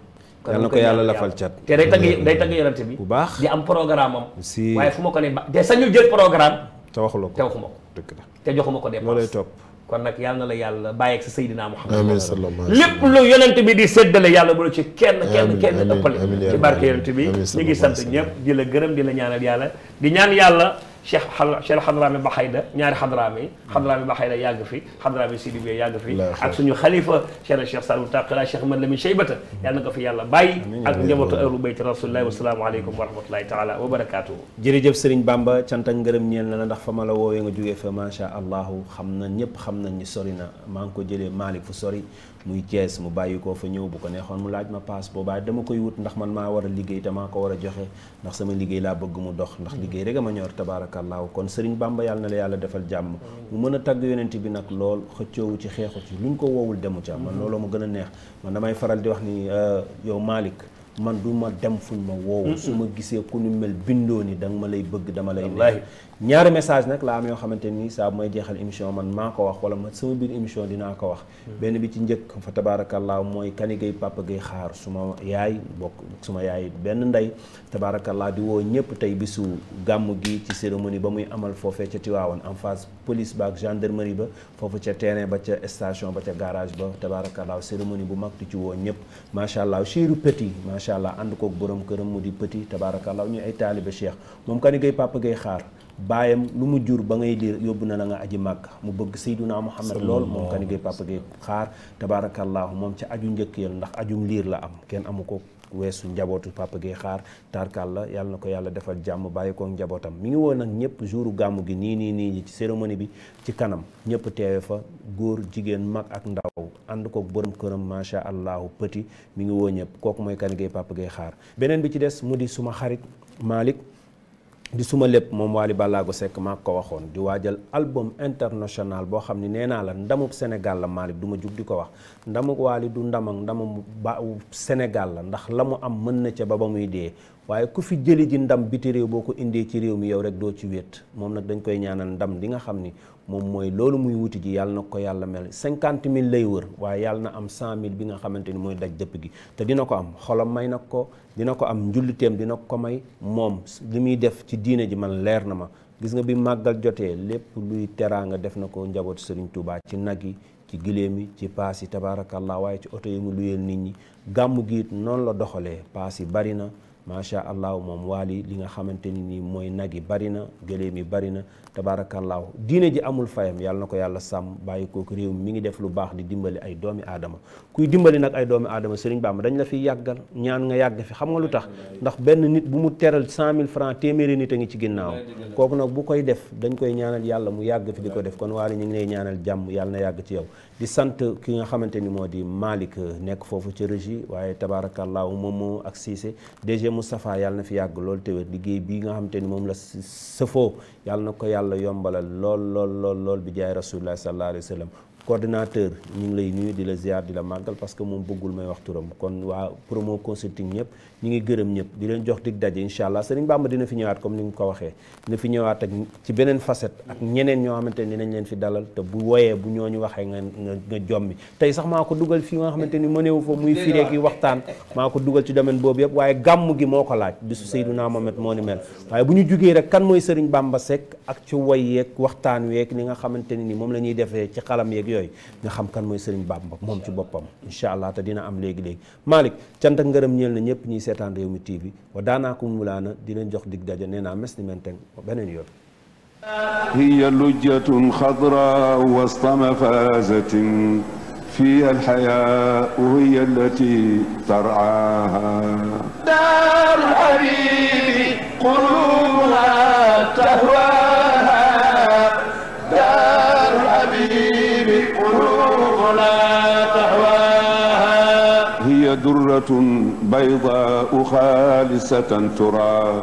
yal na ko yàlla lafal cat te day tagg day tagg yonante bi bu baax di am programme si waaye fu ma ko ne ba te sañu jël programme te waxu la ko te joxuma ko te joxuma ko dépense loolay topp kon nag yàlla na la yàlla bàyyeeg sa Seydina Muhammad lépp lu yonent bi di séddale yàlla bu la ci kenn kenn kenn ëppale ci barke yonent bi ñu ngi sant ñëpp di la gërëm di la ñaanal yàlla di ñaan yàlla cheikh xal cheikh xadraami ba xayda ñaari xadraami hmm. xadraami ba xayda yàgg fi xadraami sidi bi yàgg fi ak suñu xalifa cheikh cheikh salim taqila cheikh man lamin cheybata hmm. yàlla na ko fi yàlla bàyyi ak njabootu ahlu bayti rasulillahi wasalaamualeykum wa rahmatullahi taala wa barakatuhu jërëjëf sëriñ bamba cant ak ngërëm ñeel na la ndax fa ma la woowee nga jógee fa macha allahu xam na ñëpp xam nañ ni sori na maa ngi ko jëlee maalik fu sori muy Thiès mu bàyyi koo fa ñëw bu ko neexoon mu laaj ma paas boobaa dama koy wut ndax man maa war a liggéey te maa ko war a joxe ndax sama liggéey laa bëgg mu dox ndax liggéey rek a ma ñor tabaarakallaahu kon sëriñ Bamba yàlla na la defal jàmm mu mën a tagg yonent bi nag lool xëccoowu ci xeexu ci lu luñ ko woowul demu ca man looloo ma gën a neex man damay faral di wax ni euh, yow maalik man duma ma dem fuñ ma woowu su ma gisee ku nu mel bindoo ni danga ma lay bëgg dama lay ñaari message nag laa am yoo xamante ni saa bu may jeexal émission man maa ko wax wala ma sama biir émission dinaa ko wax benn bi ci njëkk fa tabaarakallaa mooy Kani Gueye Papa Gueye xaar suma yaay bokk suma yaay benn ndey tabaarakallaa di woo ñëpp tey bisu gàmm gi ci cérémonie ba muy amal foofee ca Tiwaawan en face police ba ak gendarmerie ba foofu ca terrain ba ca station ba ca garage ba tabaarakallaa cérémonie bu mag di ci woo ñëpp macha allah chéru petit macha allah ànd kook borom këram mu di petit tabaarakallaa ñu ay taaliba cheikh moom Kani Gueye Papa Gueye xaar baayam lu mu jur ba ngay liir yóbbu na la nga aji màkk mu bëgg sayduna muhammad lool moom kan ngay papa gay xaar tabaarakallaahu moom ca aju njëkk yal ndax ajum liir la am kenn amu ko weesu njabootu papa gay xaar tarkal la yàlla na ko yàlla defal jàmm bàyyi ko njabootam mi ngi woon nag ñëpp jouru gàmmu gi nii nii nii ci cérémonie bi ci kanam ñëpp teewe fa góor jigéen mag ak ndaw ànd kook borom këram macha allahu pëti mi ngi woo ñëpp kooku mooy kan ngay papa xaar beneen bi ci des mu di suma xarit Malick di suma lépp moom Waly Ballago Seck maa ko waxoon di waajal album international boo xam ne nee naa la ndamub Sénégal la Malick du ma jug di ko wax ndamu waali du ndama ndamam ba Sénégal la ndax la mu am mën na ca ba ba muy dee waaye ku fi jëli ji ndam biti réew boo ko indee ci réew mi yow rek doo ci wéet moom nag dañ koy ñaanal ndam li nga xam ni moom mooy loolu muy wuti ji yàlla nag ko yàlla mel cinquante mille lay wër waaye yàlla na am cent mille bi nga xamante ni mooy daj dëpp gi te dina ko am xolam may nag ko dina ko am njulliteem dina ko may moom li muy def ci diine ji man leer na ma gis nga bi màggal jotee lépp luy teraanga def na ko njabootu Serigne Touba ci nag yi ci giléem yi ci paas yi tabaarakallaa waaye ci oto yi mu luyeel nit ñi gàmmu giit noonu la doxalee paas yi bari na macha allah moom waali li nga xamante ni nii mooy nag yi bari na gëléem yi bari na tabaarakallaahu diine ji amul fayam yàlla na ko yàlla sàmm bàyyi kooku réew mi ngi def lu baax di dimbali ay doomi aadama kuy dimbali nag ay doomi aadama sëriñ Bamba dañ la fi yàggal ñaan nga yàgg fi xam nga lu tax ndax benn nit bu mu teral cent mille francs téeméeri nit a ngi ci ginnaaw kooku nag bu koy def dañ koy ñaanal yàlla mu yàgg fi di ko def kon waa ñu ngi lay ñaanal jàmm yàlla na yàgg ci yow di sant ki nga xamante ni moo di Malick euh, nekk foofu ci régie waaye tabaarakallaahu moom moo ak Cissé DG Moustapha yàlla na fi yàgg loolu téwér liggéey bi nga xamante ni moom la sëfoo yàlla na ko yàlla yombalal lool lool lool lool bi jaay rasulullah sallallahu alayhi wa sallam coordinateur ñu ngi lay nuyu di la ziar di la màggal parce que moom bëggul may wax turam kon waa promo consulting ñëpp ñu ngi gërëm ñëpp di leen jox dig daje incha allah Serigne Bamba dina fi ñëwaat comme ni ko waxee dina fi ñëwaat ak ci beneen facette ak ñeneen ñoo xamante ni dinañ leen fi dalal te bu woyee bu ñu waxee nga nga jommi tey sax maa ko dugal fii nga xamante ni mënewu fa muy fireek yi waxtaan maa ko dugal ci domaine boobu yëpp waaye gàmm gi moo ko laaj bisu Seydina Mohamed moo ni mel waaye bu ñu jugee rek kan mooy Serigne Bamba Seck ak ci woy yeeg waxtaan weeg ni nga xamante nii moom la ñuy defee ci xalam yeeg yooyu nga xam kan mooy Serigne Bamba moom ci boppam incha allah te dina am léegi-léegi Malick cant ak ñeel na ñëpp ñuy seetaan Rewmi TV wa daanaako mulaana di leen jox dig daje nee naa mes ni men beneen yoon hiya lujjatun xadra wastama fazatin fiha alxayaa hiya allati taraaha لا تهواها هي درة بيضاء خالصة ترى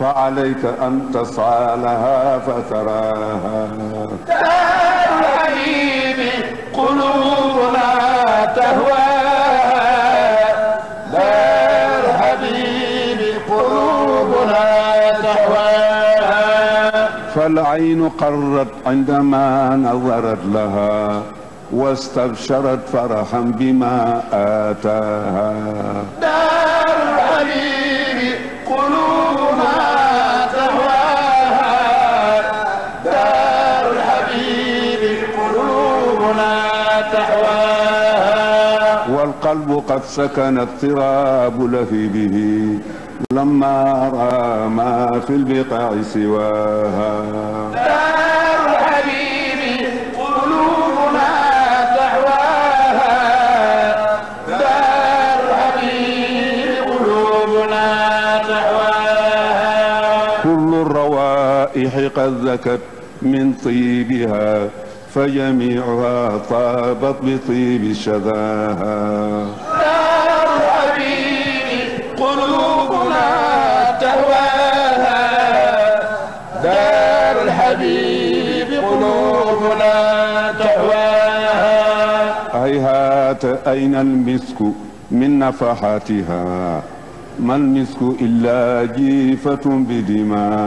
فعليك أن تسعى لها فتراها دار الحبيب قلوبنا تهواها دار الحبيب قلوبنا تهواها فالعين قرت عندما نظرت لها واستبشرت فرحا بما آتاها دار الحبيب قلوبها تهواها دار الحبيب قلوبنا تهواها والقلب قد سكن اضطراب لهيبه لما رأى ما في البقاع سواها تلذكت من طيبها فجميعها طابت بطيب شذاها دار حبيبي قلوبنا تهواها دار الحبيب قلوبنا تهواها هيهات أين المسك من نفحاتها ما المسك إلا جيفة بدماء